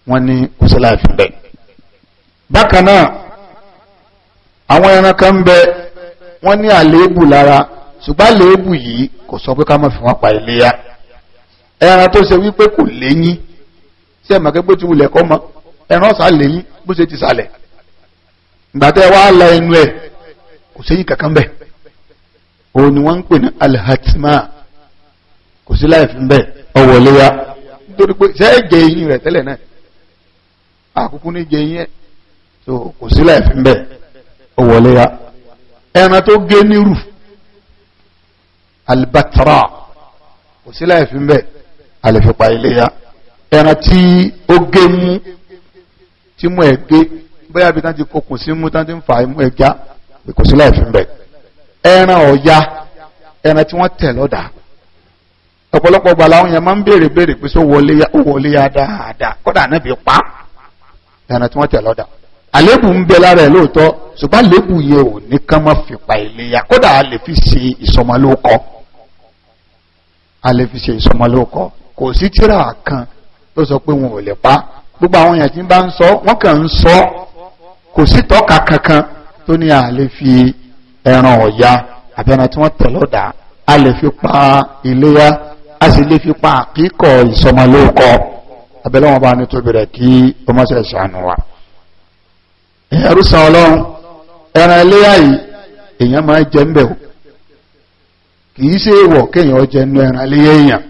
wọ́n ní kò sí àwọn ẹran kan ń bẹ wọ́n ní àléébù lára ṣùgbọ́n àléébù yìí kò sọ pé ká fi wọ́n pa iléyá ẹran tó ṣe wípé kò léyín sí ẹ̀mọ̀ ti wulẹ̀ kọ́ mọ ẹran ọ̀sà léyín bó ṣe ti kò sẹ́yìn kankan bẹ́ẹ̀ òun ni wọ́n ń pè ní alhatima kò sí láì fi bẹ́ẹ̀ ọ̀wọ̀léyà nítorí pé sẹ́ẹ̀ jẹ eyín rẹ̀ tẹ́lẹ̀ náà àkókò ní jẹ eyín ẹ̀ so kò sí láì fi bẹ́ẹ̀ ọ̀wọ̀léyà ẹran tó gé nírù albatra kò sí láì fi bẹ́ẹ̀ àlèfipá iléyà ẹran tí ó gé mú tí mú ẹ̀ gé bóyá bí tán ti kokùn sí mú tán ti ń fà á mú ẹ̀ já kò sí láì fi ń bẹ̀ ẹran ọ̀ya ẹran tí wọ́n tẹ̀ lọ́dà ọ̀pọ̀lọpọ̀ gbà làwọn yẹn máa ń béèrè béèrè pé sọ wọlé ya dáadáa kódà ànábì pa ẹran tí wọ́n tẹ̀ lọ́dà àlébù ń bẹ lára ẹ̀ lóòótọ́ ṣùgbọ́n àlébù yẹn ò ní ká má fi pa ìléyà kódà a lè fi ṣe ìsọmọlóòkọ́ a lè fi ṣe ìsọmọlóòkọ́ kò sí tíra kan tó sọ pé wọn ò lè pa gbogbo àwọn yẹn tí ń bá ń sọ wọn kàn ń sọ kò sí tọ́ka kankan tó ní a lè fi ẹran ọ̀yá àbẹ́ran tí wọ́n tẹ̀lọ́dà a lè fi pa iléyá a sì lè fi pa àkíkọ̀ ìsọmọlórúkọ abẹ́lẹ́wọ̀n bá ní tóbi rẹ̀ kí ọmọṣẹ́ ṣàánú wa ẹ̀rú san ọlọ́run ẹran iléyá yìí èèyàn máa jẹ ń bẹ̀ o kìí ṣe èèwọ̀ kéèyàn jẹ nú ẹran iléyá èèyàn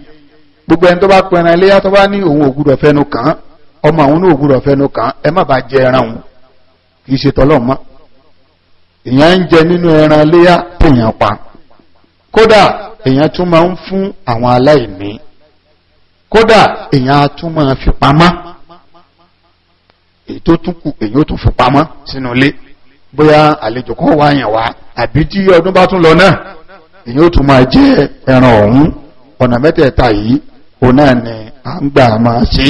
gbogbo ẹni tó bá pẹran iléyá tó bá ní òun ògùdọ̀ fẹnu kàn ọmọ àwọn ògùdọ̀ fẹnu kàn ẹ má bàa jẹ ẹran òun kìí ṣe tọlọ́run mọ́ èèyàn ń jẹ nínú ẹran léyà téèyàn pa kódà èèyàn tún máa ń fún àwọn aláìní kódà èèyàn tún máa fi pamọ́ èyí tó tún kù èyí ó tún fi pamọ́ sínú ilé bóyá àlejò kan wá yàn wá àbí tí ọdún bá tún lọ náà èyí ó tún máa jẹ ẹran ọ̀hún ọ̀nà mẹ́tẹ̀ẹ̀ta yìí òun náà ni à ń gbà máa ṣe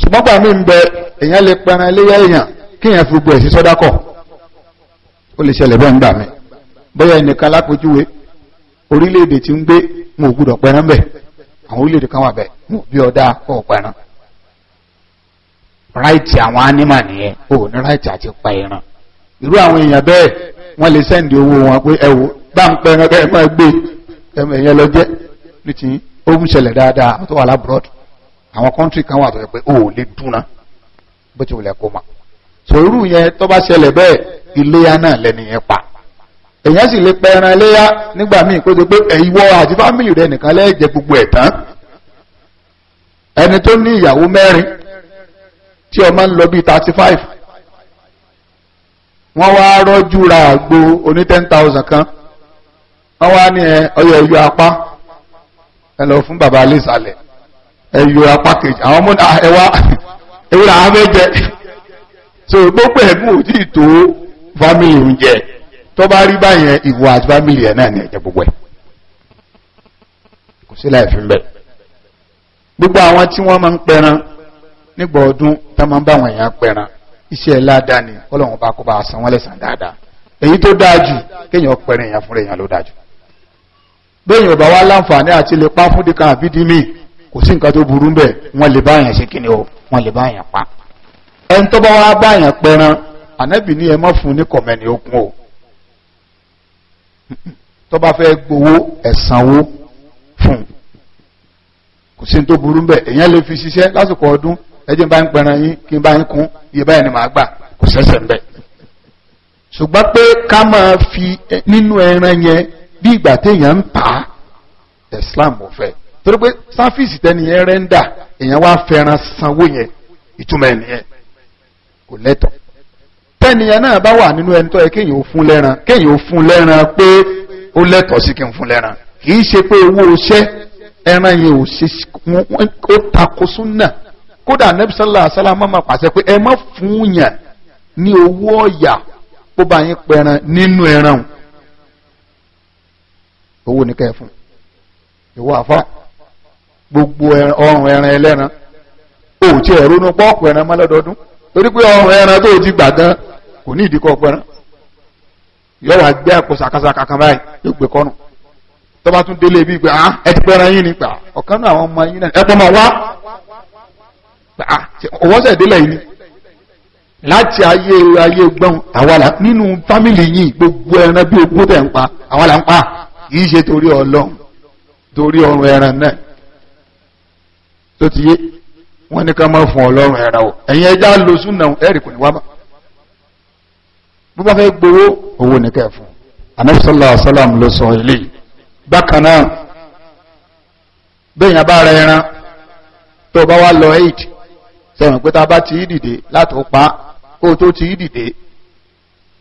ṣùgbọ́n gbà mí ń bẹ èèyàn lè pẹran léyà èèyàn kéèyàn fi gbogbo ẹ̀ sí sọ́dákọ̀ ó lè ṣẹlẹ̀ bẹ́ẹ̀ ń gbà mí bóyá ẹnìkan lápojúwe orílẹ̀-èdè tí ń gbé wọn ò gbúdọ̀ pẹran bẹ̀ àwọn orílẹ̀-èdè kan wà bẹ̀ wọn ò bí ọ̀dà kọ́ pẹran ráìtì àwọn ánímà nìyẹn ò ní ráìtì àti pa ẹran irú àwọn èèyàn bẹ́ẹ̀ wọ́n lè sẹ́ǹdì owó wọn pé ẹ wò bá ń pẹran bẹ́ẹ̀ máa gbé ẹ̀yẹn lọ jẹ́ ní ti ó ṣẹlẹ̀ dáadáa tó wà lábúrọ́dù àwọn kọ́ńtì kan wà tó yẹ pé ó lè dúnà bó ti wùlẹ̀ kó máa sòrú yẹn tó bá ṣẹlẹ̀ bẹ́ẹ̀ iléyà náà lẹ́nìyẹn pa èyàn sì lè pẹ ẹran iléyà nígbà míì kó ṣe pé ẹ̀yìnwó àti fámìlì rẹ nìkan lẹ́ẹ̀jẹ̀ gbogbo ẹ̀ tán ẹni tó ní ìyàwó mẹ́rin tí ọmọ ń lọ bíi thirty five wọ́n wá rọ́jú ra àgbo oní ten thousand kan wọ́n wá ní ọyọ ẹyọ apá ẹ lọ fún bàbá alẹ́ ìsàlẹ̀ ẹyọ apá kejì àwọn ọmọ ah, ẹwà ewúrẹ́ àwọn méje. so gbogbo ẹ̀bùn ò tí tó fámìlì oúnjẹ tó bá rí báyẹn ìwọ àti fámìlì ẹ̀ náà ní ẹ̀jẹ̀ gbogbo ẹ̀ kò sí láì fi ń bẹ̀ gbogbo àwọn tí wọ́n máa ń pẹran nígbà ọdún tá máa ń bá àwọn èèyàn pẹran iṣẹ́ ládàá ni ọlọ́run bá kó bá san wọ́n lẹ́sàn dáadáa èyí tó dáa jù kéèyàn pẹran èèyàn fúnra èèyàn ló dáa jù bẹ́ẹ̀ yóò bá wá láǹfààní àti lè pa fún dìkan àbídí míì kò sí nǹkan tó burú bẹ́ẹ̀ wọ́n lè báyàn ṣe kíni o wọ́n lè báyàn pa ẹni tó bá wá báyàn pẹran ànábì ní ẹ má fún ní kọ̀mẹ́ni okun o tó bá fẹ́ gbowó ẹ̀sánwó fún kò sí tó burú bẹ́ẹ̀ èèyàn lè fi ṣiṣẹ́ lásìkò ọdún ẹjẹ́ bá ń pẹran kí n bá ń kún iye báyìí gbà fi nínú ẹran yẹn bí ìgbà téèyàn ń pa á Islam ò fẹ́ torí pé sáfíìsì tẹ́niyẹn èèyàn wá fẹ́ràn sanwó kò lẹ́tọ̀ tẹ́niyàn náà bá wà nínú ẹni tó yẹ kéèyàn ó fún lẹ́ran kéèyàn ó fún lẹ́ran pé ó lẹ́tọ̀ sí kí n fún lẹ́ran kì í ṣe pé owó iṣẹ́ ẹran yẹn ò ṣe ó takò súnà kódà nẹ́bísọ́lá sálámà máa pàṣẹ pé ẹ má fún yàn ní owó ọ̀yà bó bá yín pẹran nínú ẹran owó ní kẹfún ìwọ àfá gbogbo ọrùn ẹran ẹlẹ́ran ó ti ẹ̀rónú pọ́ọ̀pù ẹran mọ́lọ́dọọdún torí pé ọ̀hún ẹran tó ti gbà gan kò ní ìdíkọ̀ pẹ̀rán yóò wá gbé àpò sàkásàkà kan báyìí yóò gbé kọ́nù tó bá tún délé bíi pé ah ẹ ti pẹ́ran yín ni pé ọ̀kan náà àwọn ọmọ yín náà ẹ̀pọ̀ máa wá pé ah òwọ́sẹ̀ délẹ̀ yìí ni láti ayé ayé gbọ́n àwàlà nínú fámìlì yìí gbogbo ẹran bí ogún tẹ̀ ń pa àwàlà ń pa kì í ṣe torí ọlọ́run torí ọrùn ẹran náà tó ti yé wọ́n ní ká máa fún ọlọ́run ẹ̀rà o ẹ̀yin ẹja lo súnà ẹ̀rì kò ní wá bá bó bá fẹ́ gbowó owó ní kẹfún Ànábì sallallahu alaihi wasallam ló sọ ilé bákan náà bẹ́yìn abára ẹran tó bá wá lọ eid sẹ́wọ̀n pé tá a bá ti í dìde láti pa kó tó ti í dìde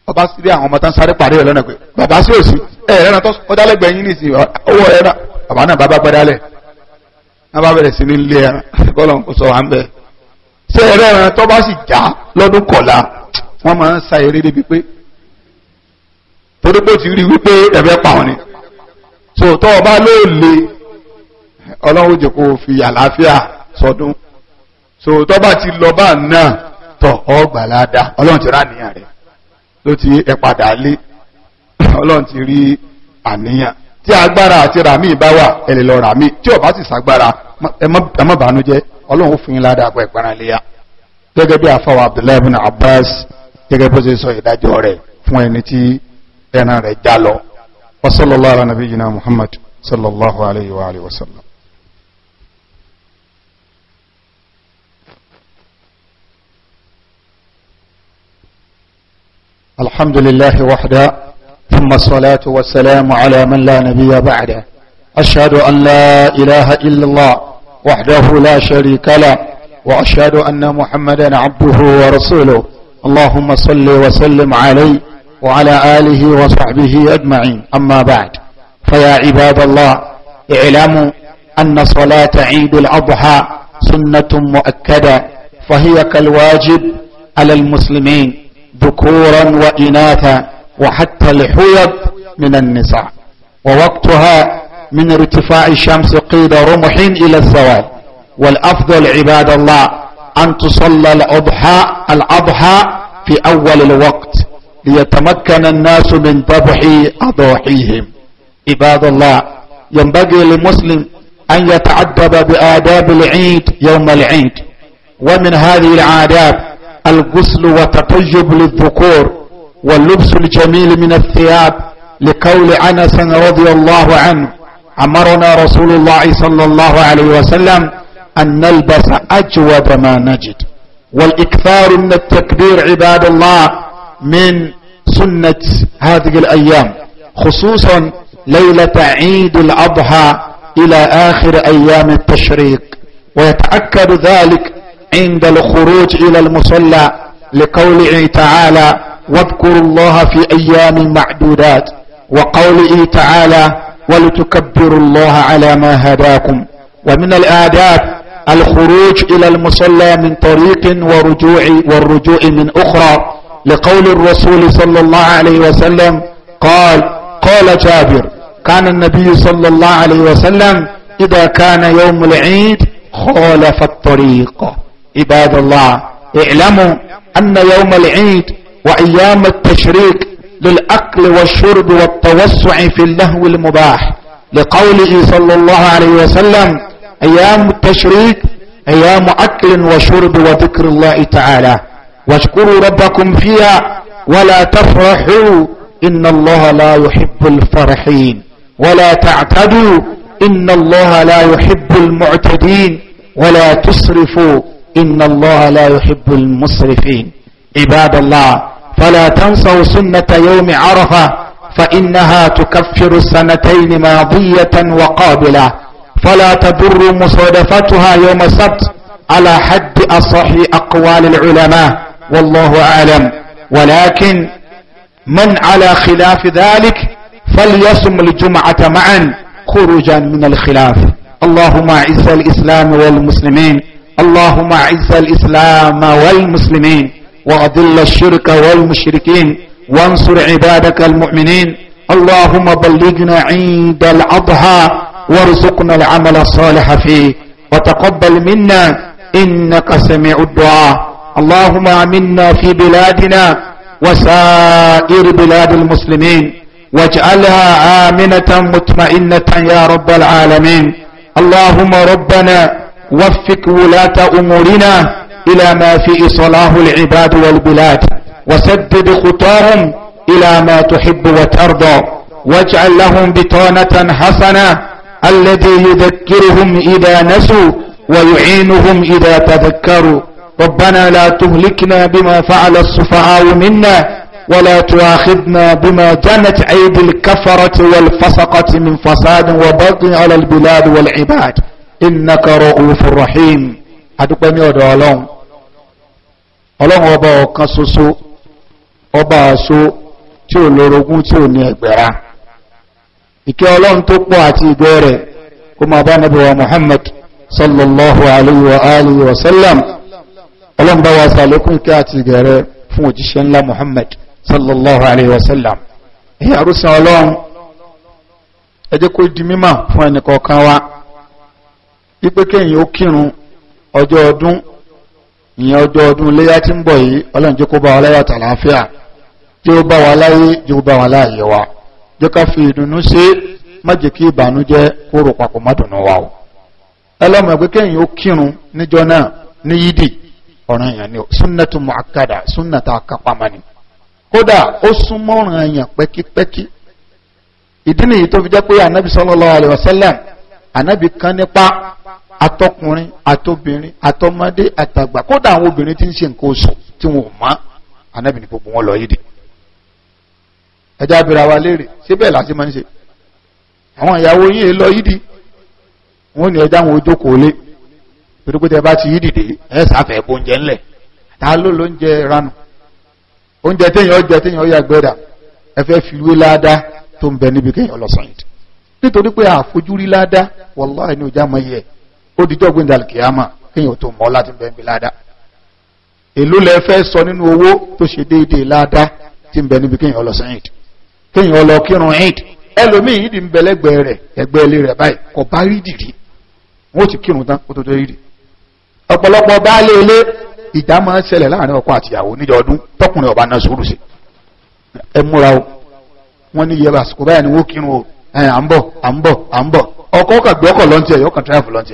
ọba sí àwọn ọmọ tán sáré parí ẹ̀ lọ́nà pé bàbá sí òsì ẹ̀ẹ́rẹ́ran tó ọdálẹ́gbẹ̀ẹ́ yín nìsín owó ẹ̀rà bàbá náà bàbá gbẹ́dálẹ̀ náà bá bẹ̀rẹ̀ sí ní ilé ẹran kọ́lọ̀ kò sọ wà ń bẹ̀ ṣé ẹ̀rẹ́ ẹran tó bá sì já lọ́dún kọ̀la wọ́n máa ń sa eré débi pé torí ti rí wípé ẹ̀fẹ́ pa wọn ni so tó o bá lóò ọlọ́run jẹ́ kó fi àlàáfíà sọdún so tó bá ti lọ bá náà tọ̀ ọ́ gbàládà ọlọ́run ti rà níyàn rẹ̀ ló ti ẹ lé ọlọ́run ti rí àníyàn tí agbára àti ràmí bá wà ẹ lè lọ ràmí tí ó bá sì sagbára ẹ má bànújẹ́ ọlọ́run ó fún yín ládàá pẹ̀ pẹ̀rẹ̀ léyà gẹ́gẹ́ bí àfàwọ̀ Abdullahi ibn Abbas gẹ́gẹ́ bó ṣe sọ ìdájọ́ rẹ̀ fún ẹni tí ẹran rẹ̀ já lọ wa sallallahu ala ثم الصلاة والسلام على من لا نبي بعده أشهد أن لا إله إلا الله وحده لا شريك له وأشهد أن محمدا عبده ورسوله اللهم صل وسلم عليه وعلى آله وصحبه أجمعين أما بعد فيا عباد الله اعلموا أن صلاة عيد الأضحى سنة مؤكدة فهي كالواجب على المسلمين ذكورا وإناثا وحتى الحيض من النساء ووقتها من ارتفاع الشمس قيد رمح إلى الزوال والأفضل عباد الله أن تصلى الأضحى الأضحى في أول الوقت ليتمكن الناس من ذبح أضاحيهم عباد الله ينبغي للمسلم أن يتعذب بآداب العيد يوم العيد ومن هذه العادات الغسل وتطيب للذكور واللبس الجميل من الثياب لقول أنس رضي الله عنه أمرنا رسول الله صلى الله عليه وسلم أن نلبس أجود ما نجد والإكثار من التكبير عباد الله من سنة هذه الأيام خصوصا ليلة عيد الأضحى إلى آخر أيام التشريق ويتأكد ذلك عند الخروج إلى المصلى لقوله تعالى واذكروا الله في أيام معدودات وقوله تعالى ولتكبروا الله على ما هداكم ومن الآداب الخروج إلى المصلى من طريق ورجوع والرجوع من أخرى لقول الرسول صلى الله عليه وسلم قال قال جابر كان النبي صلى الله عليه وسلم إذا كان يوم العيد خالف الطريق عباد الله اعلموا أن يوم العيد وأيام التشريك للأكل والشرب والتوسع في اللهو المباح لقوله صلى الله عليه وسلم أيام التشريك أيام أكل وشرب وذكر الله تعالى واشكروا ربكم فيها ولا تفرحوا إن الله لا يحب الفرحين ولا تعتدوا إن الله لا يحب المعتدين ولا تسرفوا إن الله لا يحب المسرفين عباد الله ولا تنسوا سنة يوم عرفة فإنها تكفر السنتين ماضية وقابلة فلا تضر مصادفتها يوم السبت على حد أصح أقوال العلماء والله أعلم ولكن من على خلاف ذلك فليصم الجمعة معا خروجا من الخلاف اللهم اعز الإسلام والمسلمين اللهم اعز الإسلام والمسلمين وأضل الشرك والمشركين وانصر عبادك المؤمنين اللهم بلغنا عيد الأضحى وارزقنا العمل الصالح فيه وتقبل منا إنك سميع الدعاء اللهم آمنا في بلادنا وسائر بلاد المسلمين واجعلها آمنة مطمئنة يا رب العالمين اللهم ربنا وفق ولاة أمورنا إلى ما فيه صلاح العباد والبلاد وسدد خطاهم إلى ما تحب وترضى واجعل لهم بطانة حسنة الذي يذكرهم إذا نسوا ويعينهم إذا تذكروا ربنا لا تهلكنا بما فعل الصفعاء منا ولا تؤاخذنا بما جنت عيد الكفرة والفسقة من فساد وبغي على البلاد والعباد إنك رؤوف رحيم أدقني ودولون ọlọ́run ọba ọ̀kan ṣoṣo ọba àṣọ tí ò lórogún tí ò ní ẹgbẹ̀ra ìkẹ́ ọlọ́run tó pọ̀ àti ìgbẹ́ rẹ̀ kó máa bá nàbí wa Muhammad sallallahu alayhi wa alihi wa sallam ọlọ́run bá wa sàlékún ìkẹ́ àti ìgbẹ́ rẹ̀ fún òjíṣẹ́ ńlá Muhammad sallallahu alayhi wa sallam èyí àrùsàn ọlọ́run ẹ jẹ́ kó di mímọ̀ fún ẹnìkọ̀ọ̀kan wa wípé kéèyàn ó kírun ọjọ́ ọdún ìyẹn ọjọ́ ọdún léyá tí ń bọ̀ yìí ọlọ́run jẹ́ kó bá wa láyé àtàlàáfíà jẹ́ ó bá wa láyé jẹ́ ó bá wa láàyè wa jẹ́ ká fi ìdùnnú ṣe má ìbànújẹ́ kó rò papọ̀ má wa o ẹlọ́mọ ẹgbẹ́ kẹ́yìn ó kírun níjọ náà ní yídì ọ̀ràn èèyàn ni sunnatu muakkada sunnata akapama ni kódà ó súnmọ́ ọ̀ràn èèyàn pẹ́kípẹ́kí ìdí nìyí tó fi jẹ́ pé anabi sallallahu alaihi wasallam anabi kan nípa atọkùnrin atọbìnrin atọmọdé àtàgbà kódà àwọn obìnrin tí ń ṣe nǹkan oṣù tí wọn ò mọ anábì ní gbogbo wọn lọ yídì ẹjá abìrà wa léèrè síbẹ̀ làásì máa ń ṣe àwọn ìyàwó yín lọ yídì wọn ní ẹjá àwọn ojókòó lé torí pé tẹ bá ti yídì dé ẹ sáfẹ́ bóúnjẹ ńlẹ̀ ta ló ló ń jẹ ranu oúnjẹ téèyàn jẹ téèyàn yà gbẹ́dà ẹ fẹ́ fi ládàá tó ń bẹ níbi kéèyàn lọ sọ̀yìn nítorí pé àfojúrí ládàá wàláhì ní ọjà máa yẹ ó dijọ́ gbẹ̀ndà kìámà kíyàn tó mọ́ láti ń bi ládàá èló lẹ fẹ́ sọ nínú owó tó ṣe déédéé ládàá tí ń bẹ níbi kíyàn lọ sí eid kíyàn lọ kírun eid ẹlòmíì yìí di ń bẹlẹ́gbẹ́ rẹ̀ ẹgbẹ́ ilé rẹ̀ báyìí kò bá rí dìrí ti kírun tán kó tó tó rí dì ọ̀pọ̀lọpọ̀ baálé ilé ìjà máa ń ṣẹlẹ̀ láàrin ọba náà sí ẹ múra o wọn ní yẹba àsìkò ni wọn kírun o ẹ à ń à ń à ọkọ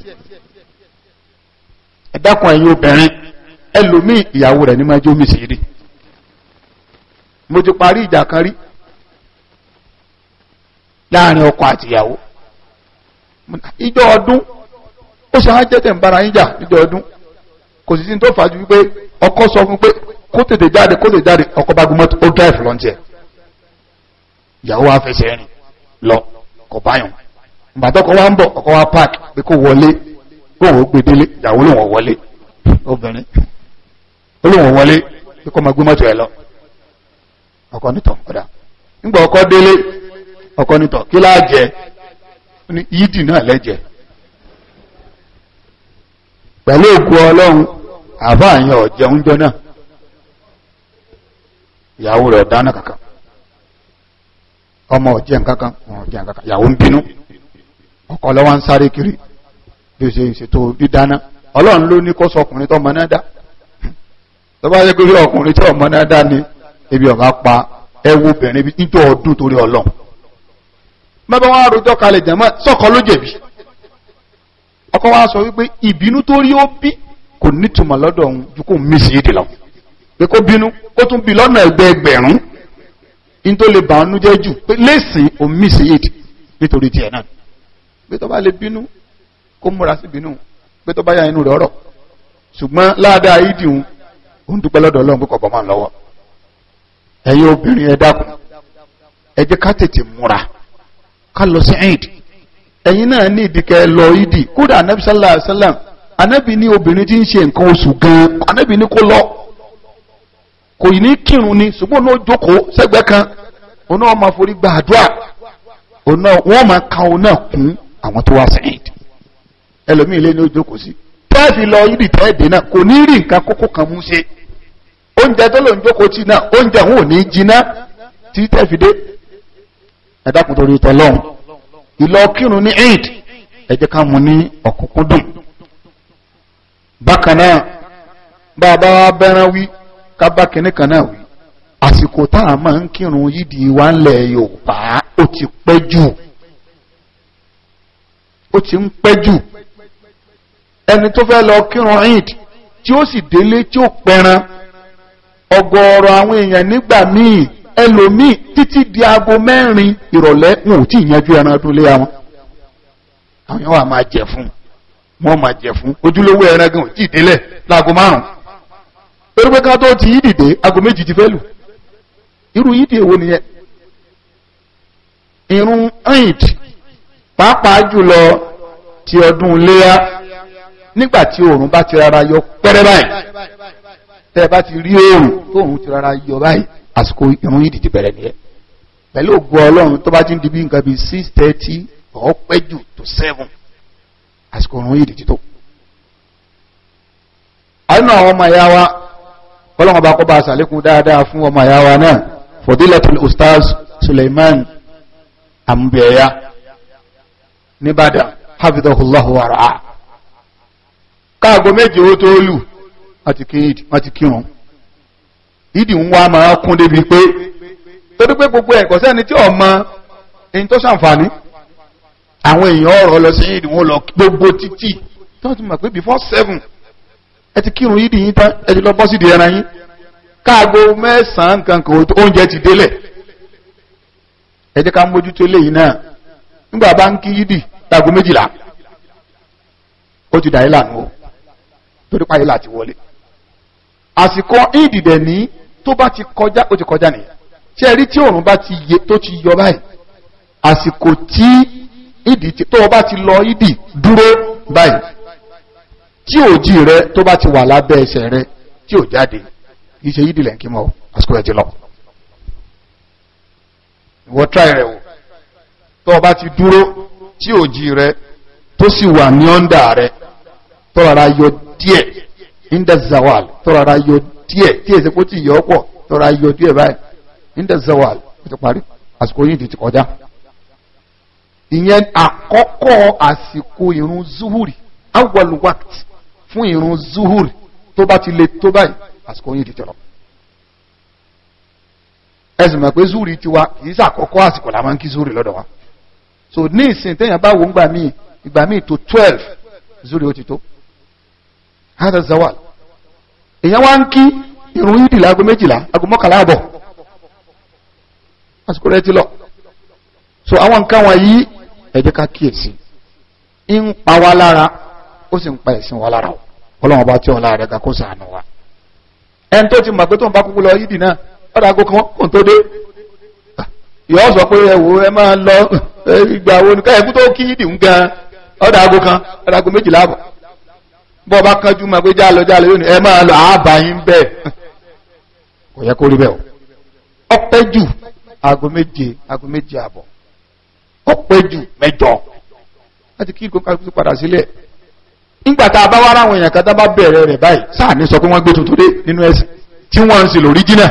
ẹ̀dákun ẹ̀yin obìnrin ẹlòmí ìyàwó rẹ̀ ní máa jó mi sí rí mo ti parí ìjà kan rí láàrin ọkọ àti ìyàwó ìjọ ọdún ó ṣe á jẹ́tẹ̀ ń bára yín jà ọdún kò sí sí tó fàájú wípé ọkọ sọ fún pé kó tètè ọkọ bá ó lọ báyọ̀ ìgbà wa ń bọ̀ kóhùn ó gbé délé ìyàwó lòun wọlé obìnrin ó lòun wọlé kíkọ́ máa gbé mọ́tò ẹ̀ lọ ọkọ nítọ̀ ọ̀dà nígbà ọkọ délé ọkọ nítọ̀ kí láà jẹ ní yídì náà lẹ́jẹ̀ pẹ̀lú òkú ọlọ́run àbáàyàn ọ̀jẹun jọ náà ìyàwó rẹ̀ ọ̀dáná kankan ọmọ ọ̀jẹ̀ nǹkan kan ọ̀jẹ̀ nǹkan ìyàwó ń bínú ọkọ lọ́wọ́ ń sáré kiri bí ó ṣe ń ṣètò dídáná ọlọ́run ló ní kó sọ ọkùnrin tó mọ náà dá tó bá yẹ pé ọkùnrin tó mọ ni ebi ọba pa ẹwọ obìnrin bí nítorí ọdún torí ọlọ́run mẹ́bàá wọn àròjọ kalẹ̀ jẹ̀mọ́ sọ́kọ ló jẹ̀bi ọkọ wa sọ wípé ìbínú tó rí ó bí kò nítumọ̀ lọ́dọ̀ òun ju kó mí sí ìdìlọ pé kó bínú kó tún bí lọ́nà ẹgbẹ́ ẹgbẹ̀rún in tó lè bàánú jẹ́ jù pé lẹ́sìn ò mí sí ìdì nítorí tiẹ̀ náà pé tó bá lè bínú kó múra sí bínú pé tó bá yà inú rẹ̀ ọ̀rọ̀ ṣùgbọ́n láàdá ìdìhun ó ń dúpẹ́ lọ́dọ̀ ọlọ́run pé kọ̀ọ̀bọ̀ máa ń lọ́wọ́ ẹ̀yin obìnrin ẹ dákun ẹ jẹ́ ká tètè múra ká lọ sí eid ẹ̀yin náà ní ìdíkẹ́ lọ ìdì kódà anabi sallallahu alayhi ní obìnrin tí ń ṣe nǹkan oṣù gan anabi ní kó lọ kò yìí ní kírun ni ṣùgbọ́n náà jókòó sẹ́gbẹ́ kan òun náà máa forí gba àdúrà òun náà wọ́n máa ka òun náà kún àwọn tó wá sẹ́yìn ẹlòmíì lé ní ó jókòó sí tẹ́ẹ̀fì lọ yídì tẹ́ẹ̀dẹ̀ náà kò ní rí nǹkan kókó kan mú ṣe oúnjẹ tó lò ń jókòó tì náà oúnjẹ òun ò ní jiná tí tẹ́ẹ̀fì dé ẹ dákun torí tọlọ́run ìlọ kírun ní eid ẹ ká mú ní ọ̀kúnkúndùn bákan náà bá a bá wá bẹ́ràn wí ká bá wa ó ti pẹ́ ti ń ẹni tó fẹ́ lọ kírun eid tí ó sì délé tí ó pẹran ọ̀gọ̀ọ̀rọ̀ àwọn èèyàn nígbà míì ẹlòmíì títí di aago mẹ́rin ìrọ̀lẹ́ wọn ò tí ì yanjú ẹran ọdún léyà wọn àwọn yẹn wà máa jẹ fún wọn máa jẹ fún ojúlówó ẹran gan ò tí ì délẹ̀ láago márùn tó ti yí aago ti fẹ́ lù irú yídì èwo irun eid pàápàá jùlọ ti ọdún nígbà tí oòrùn bá ti rárá yọ pẹ́rẹ́ báyìí tẹ́ bá ti rí oòrùn tóòrùn ti rárá yọ báyìí àsìkò ìrun yìí dìde bẹ̀rẹ̀ nìyẹn pẹ̀lú ògo ọlọ́run tó bá ti ń di bí nǹkan bíi six thirty ó pẹ́ jù tó seven àsìkò ìrun yìí dìde tó. àyínú àwọn ọmọ ìyá wa ọlọ́run bá kọ́ bá aṣàlékún dáadáa fún ọmọ ìyá wa náà fọdílẹ̀tì ustaz suleiman ambeya nìbàdàn hafidhahullahu wa ra'ah káàgó méje ó tó lù àti kí ìdì àti ń wá máa kún débi pé torí pé gbogbo ẹ̀kọ́ sẹ́ni tí ọmọ ẹni tó ṣàǹfààní àwọn èèyàn ọ̀rọ̀ lọ sí wọn gbogbo títì tó ti mọ̀ pé before seven ẹ ti kírun ìdì yín tán ẹ ti lọ bọ́ sídìí ẹran yín káàgó mẹ́sàn-án kankan oúnjẹ ti délẹ̀ ẹ jẹ́ ká mójútó náà nígbà bá ń kí o. torí pàyè láti wọlé àsìkò ìdìdẹ̀ ní tó bá ti kọjá ó ti kọjá nìyẹn tí ẹ rí tí òòrùn bá ti yẹ tó ti yọ báyìí àsìkò tí ìdì tó o bá ti lọ ìdì dúró báyìí tí òjì rẹ tó bá ti wà lábẹ́ ẹsẹ̀ rẹ tí ò jáde ìṣe ìdì lẹ́ǹkì mọ́ àsìkò ẹ̀ lọ ìwọ tíráì rẹ o tó bá ti dúró tí òjì rẹ tó sì wà ní ọ́ndà rẹ tọ́rara yọ díẹ̀ inda zawal tọ́rara yọ díẹ̀ tí èsì kó tí yọ pọ̀ tọ́rara yọ díẹ̀ báyìí inda zawal ó ti parí àsìkò yìí ti kọjá ìyẹn àkọ́kọ́ àsìkò ìrun zuhuri awwal waqt fún ìrun zuhuri tó bá ti le tó báyìí àsìkò yìí ti lọ ẹ̀sìn mọ̀ pé zuhuri ti wa kì í sàkọ́kọ́ àsìkò làwọn kí zuhuri lọ́dọ̀ wa so ní ìsìn téèyàn bá wo ń gbà míì ìgbà míì tó twelve zuhuri ó ti tó hádà zawal èèyàn wá ń kí irun yìí dìlà aago méjìlá lọ so awọn nǹkan wọ̀nyí ẹ jẹ́ ká pa wá lára ó sì ń pa ẹ̀sìn wá lára ọlọ́wọ́n bá tí ọ̀la wa ẹni tó ti mọ̀ pé tó ń bá lọ yìí dì náà ọ̀dà aago kan lọ bọ́ bá kánjú ma pé jálọ jálọ yóò ní ẹ máa lọ àábà yín bẹ́ẹ̀ kò yẹ kó rí bẹ́ẹ̀ o ọpẹ́ jù aago méje aago méje àbọ̀ ọpẹ́ jù mẹ́jọ láti kí ìkókò tó padà sílẹ̀ nígbà tá a bá wá ráwọn èèyàn kan tá bá bẹ̀rẹ̀ rẹ̀ báyìí sáà ní sọ pé wọ́n gbé tuntun dé nínú ẹ̀sìn tí wọ́n ń ṣe lóríjínà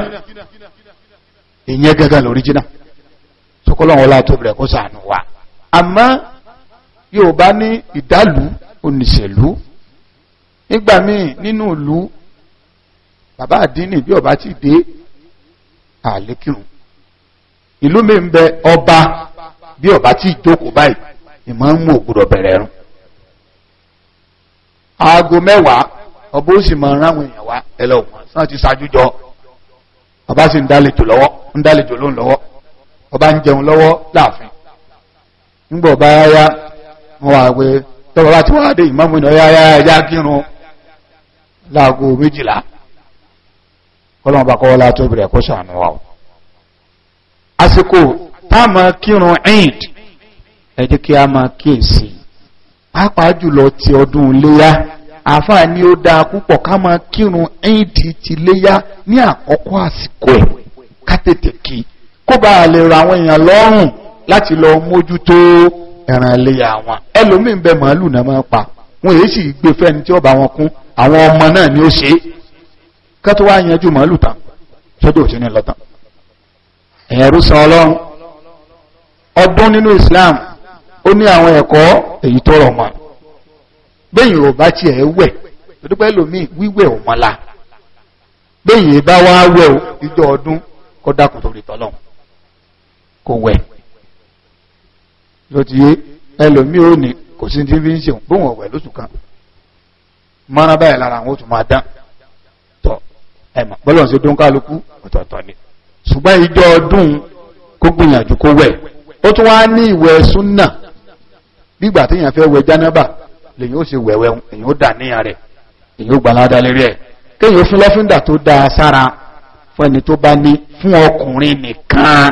ìyẹn gẹ́gẹ́ lóríjínà sọkọlọ́wọ́ látó bẹ̀rẹ̀ kó sàánú wa àmọ́ yóò bá ní ìdálù oníṣèlú nígbà míì nínú ìlú bàbá àdínì bí ọba ti dé àlékírun ìlú mi ń bẹ ọba bí ọba ti jókòó báyìí ìmáàmù ò gbọdọ̀ bẹ̀rẹ̀ rún aago mẹ́wàá ọba ó sì máa ráwọn èèyàn wá ẹlẹ òun sàn ti ṣáájú jọ ọba sì ń dálejò lọ́wọ́ ń dálejò lóhùn lọ́wọ́ ọba ń jẹun lọ́wọ́ láàfin nígbà ọba yáyá wọn wà pé tọ́ba bá ti wá dé ìmáàmù náà yáyá ẹja kírun láago méjìlá kọ́lọ́n bá kọ́wọ́ látó bẹ̀rẹ̀ kó ṣàánú wa àsìkò táàmà kírun eid ẹ jẹ́ kí a máa kíyèsí pàápàá jùlọ ti ọdún léyá àfáà ni ó dáa púpọ̀ ká máa kírun eid ti léyá ní àkọ́kọ́ àsìkò ẹ̀ ká tètè kí kó bá lè ra àwọn èèyàn lọ́rùn láti lọ mójútó ẹran léyá wọn ẹlòmíín bẹ màálù náà máa pa wọn èyí sì gbé fẹ́ni tí ó wọn kún àwọn ọmọ náà ni ó ṣe kẹ́tọ́ wá yanjú màálù tán sọ́jọ́ òtún ní lọ́tàn ẹ̀rú san ọlọ́run ọdún nínú Islam ó ní àwọn ẹ̀kọ́ èyí tó rọ̀ mọ́ bẹ́yìn ò bá tiẹ̀ wẹ̀ lọ́dúpẹ́ lòmíì wíwẹ̀ ò mọ́la bẹ́yìn bá wá wẹ̀ ìjọ ọdún kọ́ dákùn torí tọ́lọ́run kò wẹ̀ lọ́tí ẹlòmíì ò ní kò sí ti fi ń ṣeun bóun ọ̀wẹ̀ lóṣù kan mọ́nà báyìí lára àwọn òtún máa dán tọ́ ẹ̀mọ̀ bọ́lọ̀ sí dún kálukú ọ̀tọ̀ọ̀tọ̀ ni ṣùgbọ́n ìjọ ọdún kó gbìyànjú kó wẹ̀ ó tún wá ní ìwẹ̀ súnà bígbà tí èèyàn fẹ́ wẹ̀ jánábà lèyìn ó sì wẹ̀wẹ̀ èyàn ó dà níyàn rẹ̀ èyàn ó gbà ládà lérí ẹ̀ kéèyàn fún lọ́fíńdà tó dáa sára fún ẹni tó bá ní fún ọkùnrin nìkan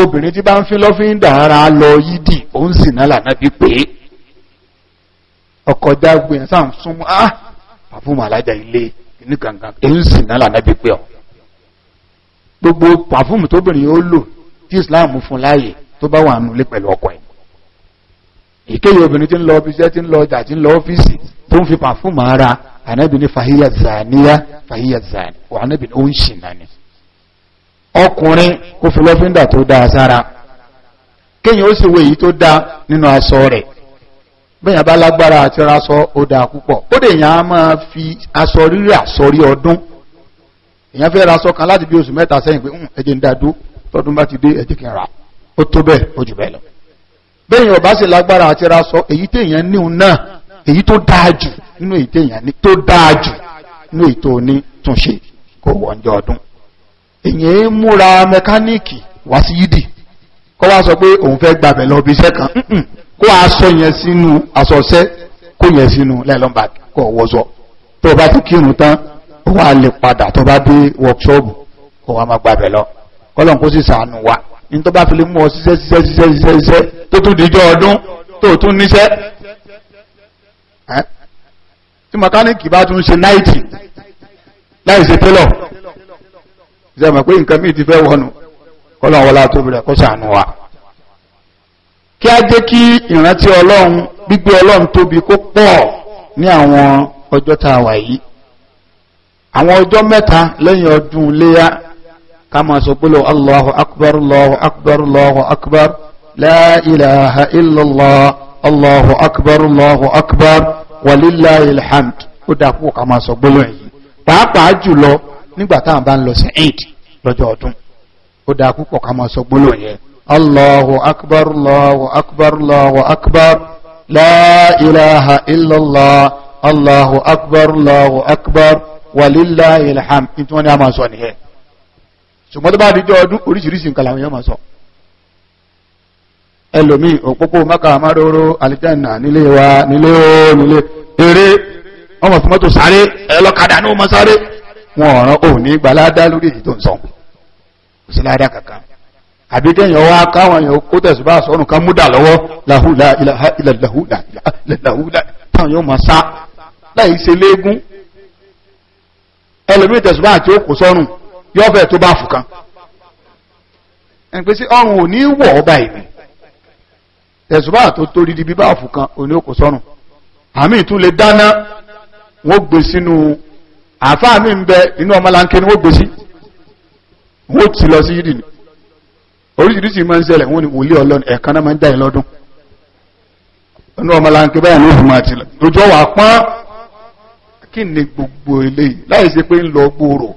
obìnrin tí bá ń fi lọ́fíńdà ara lọ yídì ó ń sì náà bí pé ọkọjá gbìyàn sáà ń súnmọ́ ah pàfúmù alájà ilé ní gangan èyí ń sìn náà lànàbí pé ọ gbogbo pàfúmù tóbìnrin ó lò tí islam fún láàyè tó bá wà nulẹ̀ pẹ̀lú ọkọ ẹ̀ ìkéyìí obìnrin tí ń lọ ọbí iṣẹ́ tí ń lọ ọjà tí ń lọ ọ́fíìsì tó ń fi pàfúmù ara ànábì fàhíyà zàníyà fàhíyà zàní wà ó ń sìn ni ọkùnrin kò bẹ́yàn bá lágbára àti raṣọ ó dáa púpọ̀ ó dè yàn á máa fi aṣọ rírì àṣọrí ọdún èyàn fẹ́ raṣọ kan láti bí oṣù mẹ́ta sẹ́yìn pé hmm, ẹjẹ̀ ń dádó tọdún bá ti dé ẹjẹ̀ kí n ra ó tó bẹ́ẹ̀ ó jù bẹ́ẹ̀ lọ bẹ́yàn ọba sì lágbára àti raṣọ èyí téèyàn níhun náà èyí tó dáa jù nínú èyí téèyàn ní tó dáa jù nínú èyí tó ní túnṣe kó wọ̀ ǹjọ́ ọdún èyàn múra mẹkáníìkì wá sí yídì kọ́ wá sọ pé òun fẹ́ gbàbẹ̀ lọ bí iṣẹ́ kan hmm, hmm kó aṣọ yẹn sínú aṣọṣẹ́ kó yẹn sínú lẹ́lọ́mbà kó wọ́sọ tó bá ti kírun tán ó wà lè padà tó bá dé wọ́kṣọ́ọ̀bù ó wà máa gbàbẹ̀ lọ kọ́lọ̀ kó sì sàánú wa ní tó bá fi lè mú ọ ṣiṣẹ́ ṣiṣẹ́ ṣiṣẹ́ ṣiṣẹ́ ṣiṣẹ́ tó tún dijọ́ ọdún tó tún níṣẹ́ tí mọ̀kánìkì bá tún ṣe náìtì láì ṣe télọ̀ ṣe mọ̀ pé nǹkan míì ti fẹ́ wọnú kọ́lọ̀ wọlá tóbi rẹ̀ kó sàánú wa kí a jẹ́ kí ìrántí ọlọ́run gbígbé ọlọ́run tóbi kó pọ̀ ní àwọn ọjọ́ tá a wà yìí àwọn ọjọ́ mẹ́ta lẹ́yìn ọdún léyá ká máa sọ pélò allahu akbar allahu akbar allahu akbar la ilaha illallah allahu akbar allahu akbar walillahi alhamd ó dáa púpọ̀ ká máa sọ gbólóhùn yìí pàápàá jùlọ nígbà táwọn bá ń lọ sí eid lọ́jọ́ ọdún ó dáa ká máa sọ gbólóhùn yẹn الله أكبر الله أكبر الله أكبر لا إله إلا الله الله أكبر الله أكبر ولله الحمد انتو وني اما سو نيه ṣùgbọ́n tó bá díjọ́ ọdún oríṣiríṣi nǹkan làwọn yóò máa sọ ẹlòmíì òpópó mọ́kà máróró àlìjánnà nílé wa nílé o nílé eré ọmọ fún mọ́tò sáré ẹlọ́kadà ní ọmọ sáré wọn ọ̀ràn ò ní gbàládá lórí èyí tó ń sọ kò sí ládá kankan àbí kẹ́yàn wá káwọn èèyàn kó tẹ̀sùbá sọ́rùn kan múdà lọ́wọ́ láhúlá ìlàhá ìlàláhúlá ìlàláhúlá táwọn yóò máa sá láì ṣe léegun ẹlòmí tẹ̀sùbá àti òkú sọ́rùn yóò fẹ́ tó bá fùkan ẹni pé sí ọrùn ò ní wọ̀ ọba ìrìn tẹ̀sùbá tó torí di bíbá fùkan òní òkú sọ́rùn àmì ìtún lè dáná wọ́n gbé sínú àfáà mi ń bẹ inú ọmọlanke ni wọ́n gbé sí wọ́n ti lọ sí yídì oríṣiríṣi máa ń ṣẹlẹ̀ wọ́n ni wòlé ọlọ́run ẹ̀kan náà máa ń dá ìlọ́dún ọ̀nà ọmọláńkẹ́ báyìí ní òfin àti lójú ọwà pọ́n kí ni gbogbo eléyìí láì ṣe pé ń lọ gbòòrò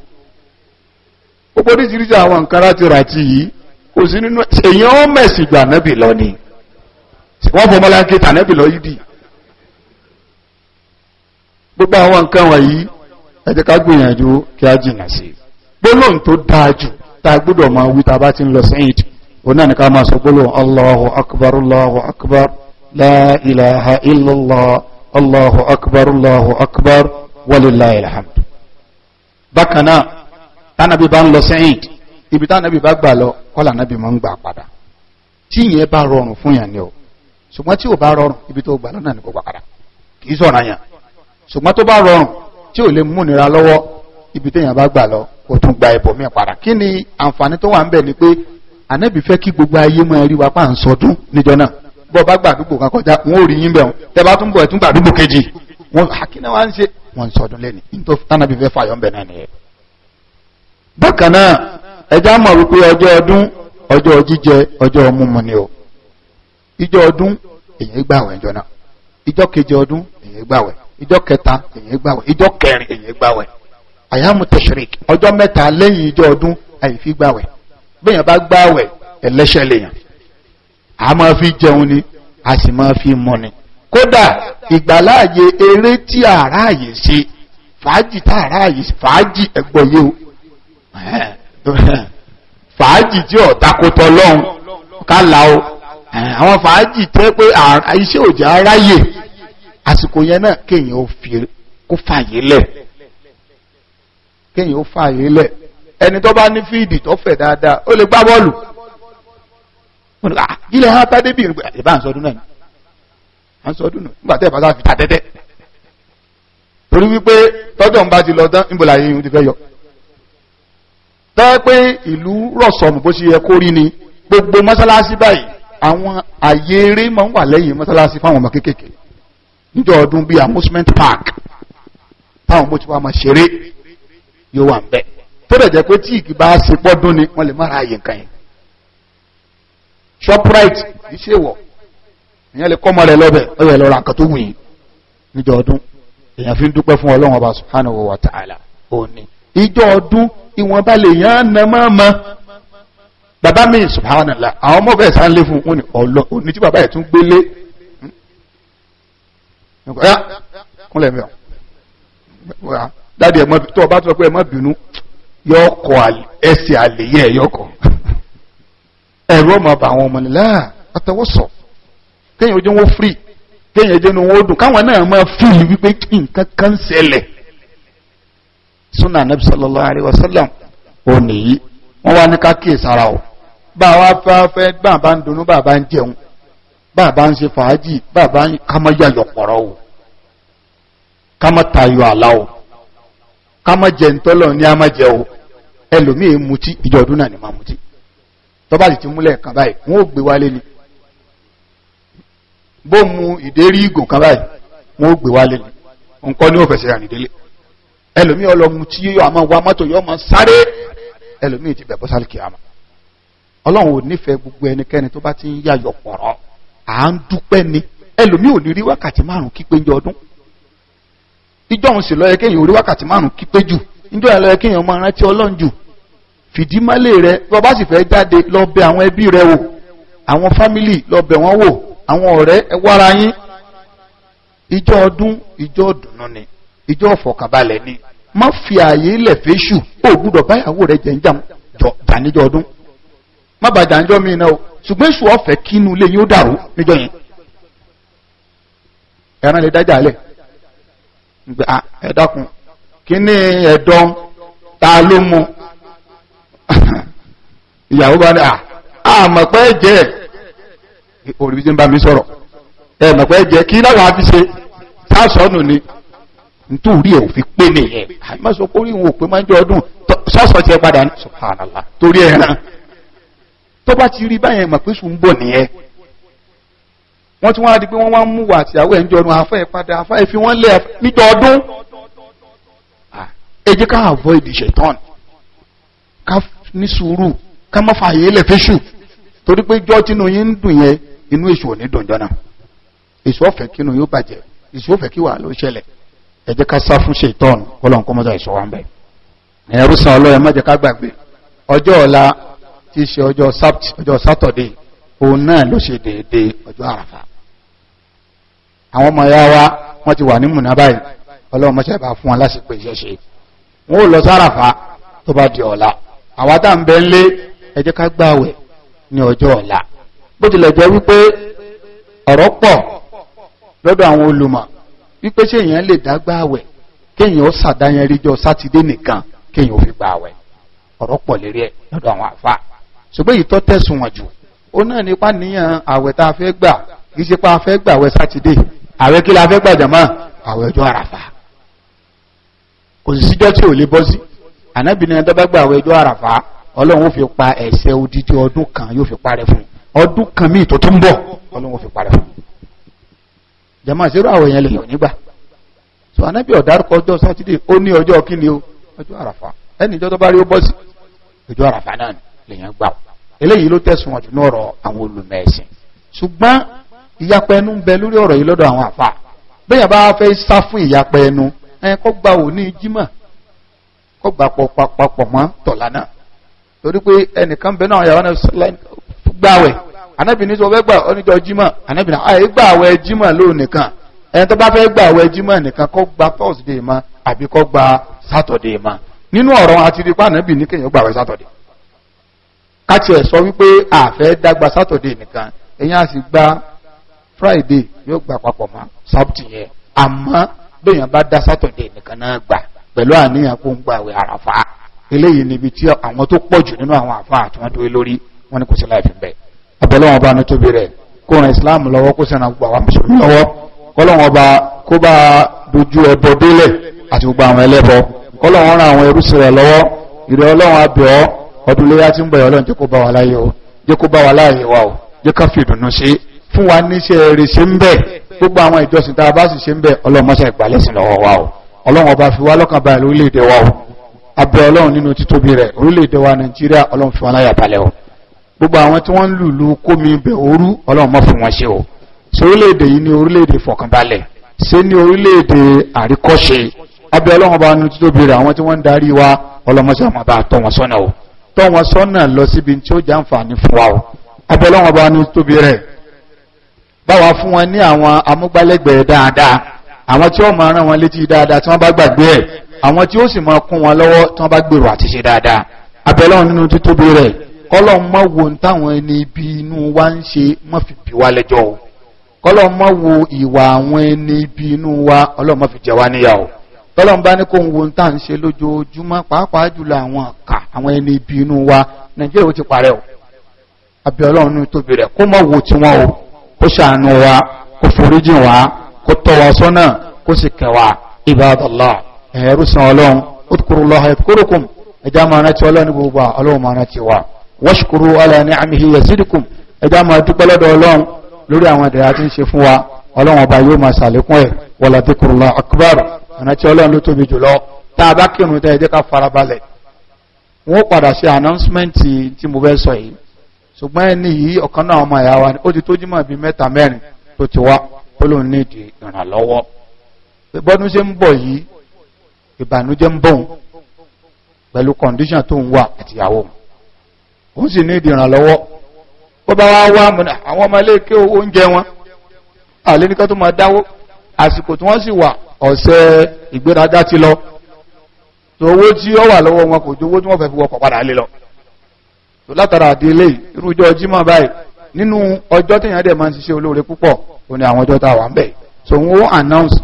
gbogbo oríṣiríṣi àwọn nǹkan láti rà tí yìí kò sí nínú èyí ọ́n mẹ̀sìn ju ànábì lọ ni wọ́n fọ ọmọláńkẹ́ tànábì lọ yìí dì gbogbo àwọn nǹkan wọ̀nyí ẹ jẹ́ ká gbìyànjú kí á jìnà sí gbólóhùn tó dáa jù tá gbọ́dọ̀ máa wí tá bá ti ń lọ sí Eid ọ̀nà ni ká máa sọ gbólóhùn Allahu akbar Allahu akbar la ilaha illallah Allahu akbar Allahu akbar walillahil hamd bákan náà tánàbí bá ń lọ ṣùgbọ́n tí ò bá rọrùn tí ò lè múnira lọ́wọ́ ibi téèyàn bá gbà lọ gba ẹbọ mi padà kí ni àǹfààní tó wà ń ni pé ànábì kí gbogbo ayé wa pa ń sọdún níjọ náà bọ́ bá gbàdúgbò kan kọjá wọn ò rí yín bẹ̀rùn tẹ bá tún bọ̀ ẹ̀ tún gbàdúgbò kejì wọn àkínà wa ń ṣe wọn ń sọdún ẹja mọ̀ wípé ọjọ́ ọdún ọjọ́ jíjẹ ọjọ́ ni o ìjọ ọdún èyàn gbàwẹ̀ ìjọ náà ìjọ kejì ọdún èyàn gbàwẹ̀ ìjọ àyàmù tashrik ọjọ́ mẹ́ta lẹ́yìn ìjọ ọdún àyìnfi gbàwẹ̀ bẹ́yàn bá gbàwẹ̀ ẹlẹ́ṣẹ̀ lèyàn a máa fi jẹun ni a sì máa fi mọ ni kódà ìgbàláàyè eré tí àráàyè ṣe fàájì tá àráàyè ṣe fàájì ẹgbọ̀yé o fàájì tí ọ̀takótọ́ lọ́hùn kálá o àwọn fàájì tẹ́ pé iṣẹ́ òjò aráyè àsìkò yẹn náà kéèyàn ó fi kó fàyè lẹ̀ kéèyàn ó fààyè lẹ̀ ẹni tó bá ní fíìdì tó fẹ̀ dáadáa ó lè gbá bọ́ọ̀lù ilẹ̀ ha tá débi ìrìngbà ìbá ń sọdún náà à ń sọdún náà nígbà tẹ́ ìbáta fi ta tẹ́tẹ́ torí wípé tọ́jọ́ ń bá ti lọ tán níbo láyé ìhun ti fẹ́ yọ tẹ́ pé ìlú rọ̀sọ̀mù bó ṣe yẹ kó rí ni gbogbo mọ́sálásí báyìí àwọn àyè eré máa ń wà lẹ́yìn mọ́sálásí fáwọn ọmọ kéékèèké níjọ́ ọdún bíi amusement park táwọn ọmọ tí wàá máa ṣeré yóò wà ń bẹ̀ tó dẹ̀ jẹ́ pé tí ìkì bá ṣe pọ́dún ni wọ́n lè má ra àyè nǹkan yẹn shoprite kì í ṣe wọ̀ ìyẹn lè kọ́mọ rẹ̀ lọ́bẹ̀ ó yẹ lọ́ra nǹkan tó wù yín níjọ ọdún èèyàn fi ń dúpẹ́ fún ọlọ́run ọba subhanahu wa ta'ala òní ìjọ ọdún ìwọ̀nba lè yàn án nà máa ma bàbá mi subhanallah àwọn ọmọ bẹ́ẹ̀ sá ń lé fún wọn ni ọlọ òní tí bàbá yẹn tún gbélé kúnlẹ̀ mi ọ̀ dáàdi ẹ̀ mọ́ tó o bá tọ́ pé ẹ má bínú yọ kọ ẹsẹ̀ àlèyé ẹ̀ yọ kọ ẹ̀rọ ọmọ bá àwọn ọmọ nílá àtẹwọ́sọ kéèyàn ojú wọn firi kéèyàn ojú wọn dùn káwọn náà máa fíìlì wípé nǹkan kan ṣẹlẹ̀ sunna anabi sallallahu alayhi wa sallam ò nìyí wọn wá ní ká kíyè o bá a wá fẹ́ fẹ́ bá a bá ń dunnú bá a bá ń jẹun bá a bá ń ṣe fàájì bá a bá ń kámọ́ yàyọ̀ pọ̀rọ̀ o kámọ́ tayọ àlá o. kama jẹ ntọlọ ní a má jẹ o ẹlòmíì mutí ìjọ ọdún náà ni ma mutí tọ́ba sì ti múlẹ̀ kan báyìí wọ́n ò gbé wálé ni bó mu ìdérí ìgò kan báyìí ò gbé wálé ni nǹkan ní òfẹsẹ̀ rà nídélé yóò wa yóò gbogbo ẹnikẹni tó bá ti ń à ń ni ẹlòmíì ò ní rí wákàtí ọdún ìjọ òun sì lọ́yẹ kéèyàn orí wákàtí márùn kí pé jù níjọ yẹn lọ́yẹ kéèyàn máa rántí ọlọ́run jù fìdí rẹ bọ́ bá sì fẹ́ jáde lọ bẹ àwọn ẹbí rẹ wò àwọn fámìlì lọ bẹ wọ́n wò àwọn ọ̀rẹ́ ẹ wára yín ìjọ ọdún ìjọ ni ìjọ ọ̀fọ̀kàbalẹ̀ ni má fi ààyè ilẹ̀ ó gbúdọ̀ báyàwó rẹ ọdún má o ṣùgbọ́n èṣù ọ̀fẹ́ kínú lé yín ó dàrú gbà ẹ dákun kí ni ẹ̀dọ́ ta ló mú ìyàwó bá ní à àmọ̀pẹ́ jẹ́ orí bí jẹ́ ń bá mi sọ̀rọ̀ ẹ̀mọ̀pẹ́ jẹ́ kí láwọn afi ṣe sásọ̀nù ni nítorí ẹ̀ òfin pé nìyẹn àìmọ́sọ kórí ìwọ̀n òpin máa ń jẹ ọdún sọ́sọ̀ ti ẹ padà ní subhanallah torí ẹ̀ràn tó bá ti rí báyẹn mọ̀ ń bọ̀ nìyẹn wọ́n ti wọ́n á di pé wọ́n wá ń mú wà àtìyàwó ẹ̀ ń jọnu afẹ́ padà afẹ́ fi wọ́n lẹ̀ níjọ ọdún ẹ jẹ́ ká avoid ṣetán ká ní sùúrù ká má fààyè lẹ̀ fẹ́ṣù torí pé jọ́ tínú yín ń dùn yẹn inú èṣù ò ní dùn jọ́nà èṣù ọ̀fẹ́ kínú yóò bàjẹ́ èṣù ọ̀fẹ́ kí wà ló ṣẹlẹ̀ ẹ jẹ́ ká sá fún ṣetán ọlọ́run kọ́ mọ́tà ìṣọ́ wa ń bẹ̀ ẹ̀rú san ọlọ́run má jẹ́ ká gbàgbé ọjọ́ ọ̀la tí í ṣe ọjọ́ sátọ̀dé òun náà ló ṣe déédéé ọjọ́ àràfà àwọn ọmọ ya wa wọ́n ti wà ní múnà báyìí ọlọ́run mọ́ṣẹ́ bá fún wọn lásìkò ìṣẹ́ṣe wọn ò lọ sáràfà tó bá di ọ̀la àwa tá ń bẹ ń lé ẹ jẹ́ ká gbààwẹ̀ ní ọjọ́ ọ̀la bó tilẹ̀ jẹ́ wípé ọ̀rọ̀ pọ̀ lọ́dọ̀ àwọn olùmọ̀ wípé ṣé èèyàn lè dá gbààwẹ̀ kéèyàn ó sàdáyẹn ríjọ sátidé nìkan kéèyàn ó fi gbààwẹ̀ ọ̀rọ̀ pọ̀ lérí ẹ̀ lọ́dọ̀ àwọn àfa ṣùgbọ́n èyí tó tẹ̀sùn wọn jù ó náà nípa níyàn àwẹ̀ tá a fẹ́ gbà kì í ṣe pa a fẹ́ gbààwẹ̀ sátidé àwẹ̀ kí la fẹ́ gbàjàmọ́ àwẹ̀ ọjọ́ àràfà kò sì síjọ́ tí ò lè bọ́ sí ànábìnrin tó bá gbà àwẹ̀ ọjọ́ àràfà ọlọ́run ó fi pa ẹ̀ṣẹ̀ odidi ọdún kan yóò fi parẹ́ fún ọdún kan míì tó tún bọ̀ ọlọ́run fi parẹ́ fún jama zero àwẹ̀ yẹn lè yàn nígbà so ànábì ọ̀dárúkọ ọjọ́ sátidé ó ní ọjọ́ kí ni o ọjọ́ àràfà ẹni ìjọ tó bá rí ó bọ́ sí ọjọ́ àràfà náà lèyàn gbà eléyìí ló tẹ̀sùn ọ̀jù náà rọ àwọn olùmọ̀ ẹ̀sìn ṣùgbọ́n ìyapa ẹnu ń bẹ lórí ọ̀rọ̀ yìí lọ́dọ̀ àwọn àfa bẹ́ẹ̀ bá fẹ́ sá fún ìyapa ẹnu ẹ kó gba òní jímọ̀ kó gba papọ̀ mọ́ tọ̀lá náà torí pé ẹnìkan bẹ náà yàrá náà anábì ní sọ fẹ́ gbà oníjọ anábì náà nìkan ẹni tó bá fẹ́ nìkan gba thursday mọ́ àbí kó gba saturday mọ́ nínú ọ̀rọ̀ àti rí pa anábì ní kéèyàn gbàwẹ̀ sọ wípé àfẹ́ nìkan gba friday yóò gbà papọ̀ mọ́ sábùtì yẹn àmọ́ bẹ́yàn bá dá sátọ̀dẹ̀ nìkan náà gbà pẹ̀lú àníyàn kó ń gbà wẹ̀ àràfà eléyìí níbi tí àwọn tó pọ̀ jù nínú àwọn àfà àti wọn dúró lórí wọn ni kò sí láìfin bẹ́ẹ̀ abẹ́lẹ́wọ̀n bá ní tóbi rẹ̀ kó ran islam lọ́wọ́ kó sẹ́ran gbogbo àwọn mùsùlùmí lọ́wọ́ kọ́lọ́wọ́n bá kó bá dojú ẹbọ délẹ̀ àti gbogbo àwọn ẹlẹ́bọ kọ́lọ́wọ́n ran àwọn ẹrúsìn rẹ̀ lọ́wọ́ ìrẹ́ ọlọ́run abẹ́ọ́ ọdún léyà tí ń bọ̀ ọlọ́run jẹ́ kó bá wa láyé o jẹ́ kó bá wa láyé wa o jẹ́ ká fi ìdùnnú sí fún wa níṣẹ́ rẹ̀ ṣe ń bẹ̀ gbogbo àwọn ìjọsìn tá a bá sì ṣe ń bẹ̀ ọlọ́mọṣẹ́ ìgbàlẹ́sìn lọ́wọ́ wa o ọlọ́run ọba fi wá lọ́kàn báyìí lórílẹ̀‐èdè wa o abẹ ọlọ́run nínú títóbi rẹ̀ orílẹ̀‐èdè wa nàìjíríà ọlọ́run fi wọn láyà balẹ̀ o gbogbo àwọn tí wọ́n ń lùlù kómi bẹ̀ orú ọlọ́run mọ́ fún wọn ṣe o báwa fún wọn ní àwọn amúgbálẹ́gbẹ̀ẹ́ dáadáa àwọn tí ó máa rán wọn létí dáadáa tí wọ́n bá gbàgbé ẹ̀ àwọn tí ó sì máa kún wọn lọ́wọ́ tí wọ́n bá gbèrò àti ṣe dáadáa abẹ́lọ́run nínú títóbi rẹ̀ kọ́lọ́n mọ́ wo ní táwọn ẹni ibi inú wa ń ṣe mọ́ fi bì wá lẹ́jọ́ o kọ́lọ́n mọ́ wo ìwà àwọn ẹni ibi inú wa ọlọ́run mọ́ fi jẹ wá níyà o tọ́lọ́n bá ní kó ń wo ní tá à ń ṣe lójoojúmọ́ pàápàá jùlọ àwọn àkà àwọn ẹni ibi inú wa nàìjíríà ó ti parẹ́ o abẹ́lọ́run nínú títóbi rẹ̀ kó mọ́ wo tiwọn o kó ṣàánú wa kó foríjìn wa kó tọ́ wa sọ́nà kó sì kẹwàá ibadallah ẹ̀rú san ọlọ́run udkurullaha yadhkurukum ẹjá máa rántí ọlọ́run gbogbo ọlọ́run máa rántí wa washkuru ala ni'amihi yazidukum ẹjá máa dúpẹ́ lọ́dọ̀ ọlọ́run lórí àwọn ìdẹ̀ra tí ń ṣe fún wa ọlọ́run ọba yóò máa ṣàlékún ẹ̀ wala dhikrullahi akbar rántí ọlọ́run ló tóbi jùlọ tá a bá kírun tẹ́ ẹ jẹ́ ká farabalẹ̀ wọ́n padà ṣe announcement tí mo fẹ́ sọ yìí ṣùgbọ́n ẹni yìí ọ̀kan náà ọmọ ìyá wa ni ó ti tó jímọ̀ bíi mẹ́ta mẹ́rin tó ti wá ó lóun ní ìdí ìrànlọ́wọ́ bọ́dún ṣe ń bọ̀ yìí ìbànújẹ́ ń bọ̀ pẹ̀lú kọ̀ǹdíṣàn tó ń wà àtìyàwó òun sì ní ìdí ìrànlọ́wọ́ bó bá wá wá mọ̀ àwọn ọmọ ilé kí oúnjẹ wọn àlẹ́ nìkan tó máa dáwó àsìkò tí wọ́n sì wà ọ̀sẹ̀ ìgbéraga ti lọ owó tí ó wà lọ́wọ́ wọn kò ju owó tí wọ́n fẹ́ fi wọkọ̀ padà lé lọ látara àdílé irújọ́ jímọ̀ báyìí nínú ọjọ́ tẹ̀yàn dẹ̀ máa ń ṣiṣẹ́ olóore púpọ̀ ò ní àwọn ọjọ́ tá a wà ń bẹ̀ so wọ́n announce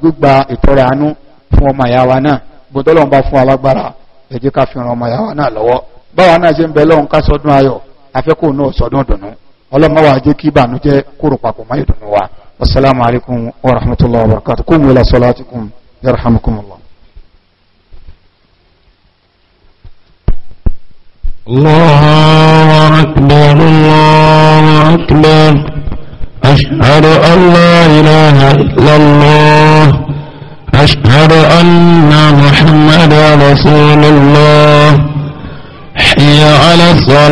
gbígba ìtọrẹ àánú fún ọmọ ìyá wa náà gbọ́dọ̀lọ́n bá fún alágbára ẹ jẹ́ ká fi ran ọmọ ìyá wa náà lọ́wọ́ báwa náà ṣe ń bẹ lọ́hùn ká sọdún ayọ̀ afẹ́kọ̀ọ́ náà sọdún dùnú ọlọ́mọ wa jẹ́ kí ìbànújẹ́ kúrò papọ̀ máyò dùnú wa wasalaamu alaykum wa rahmatulahi wa barakatuh kum wala salatikum yarhamukumullah. الله أكبر الله أكبر أشهد أن لا إله إلا الله أشهد أن محمد رسول الله حي على الصلاة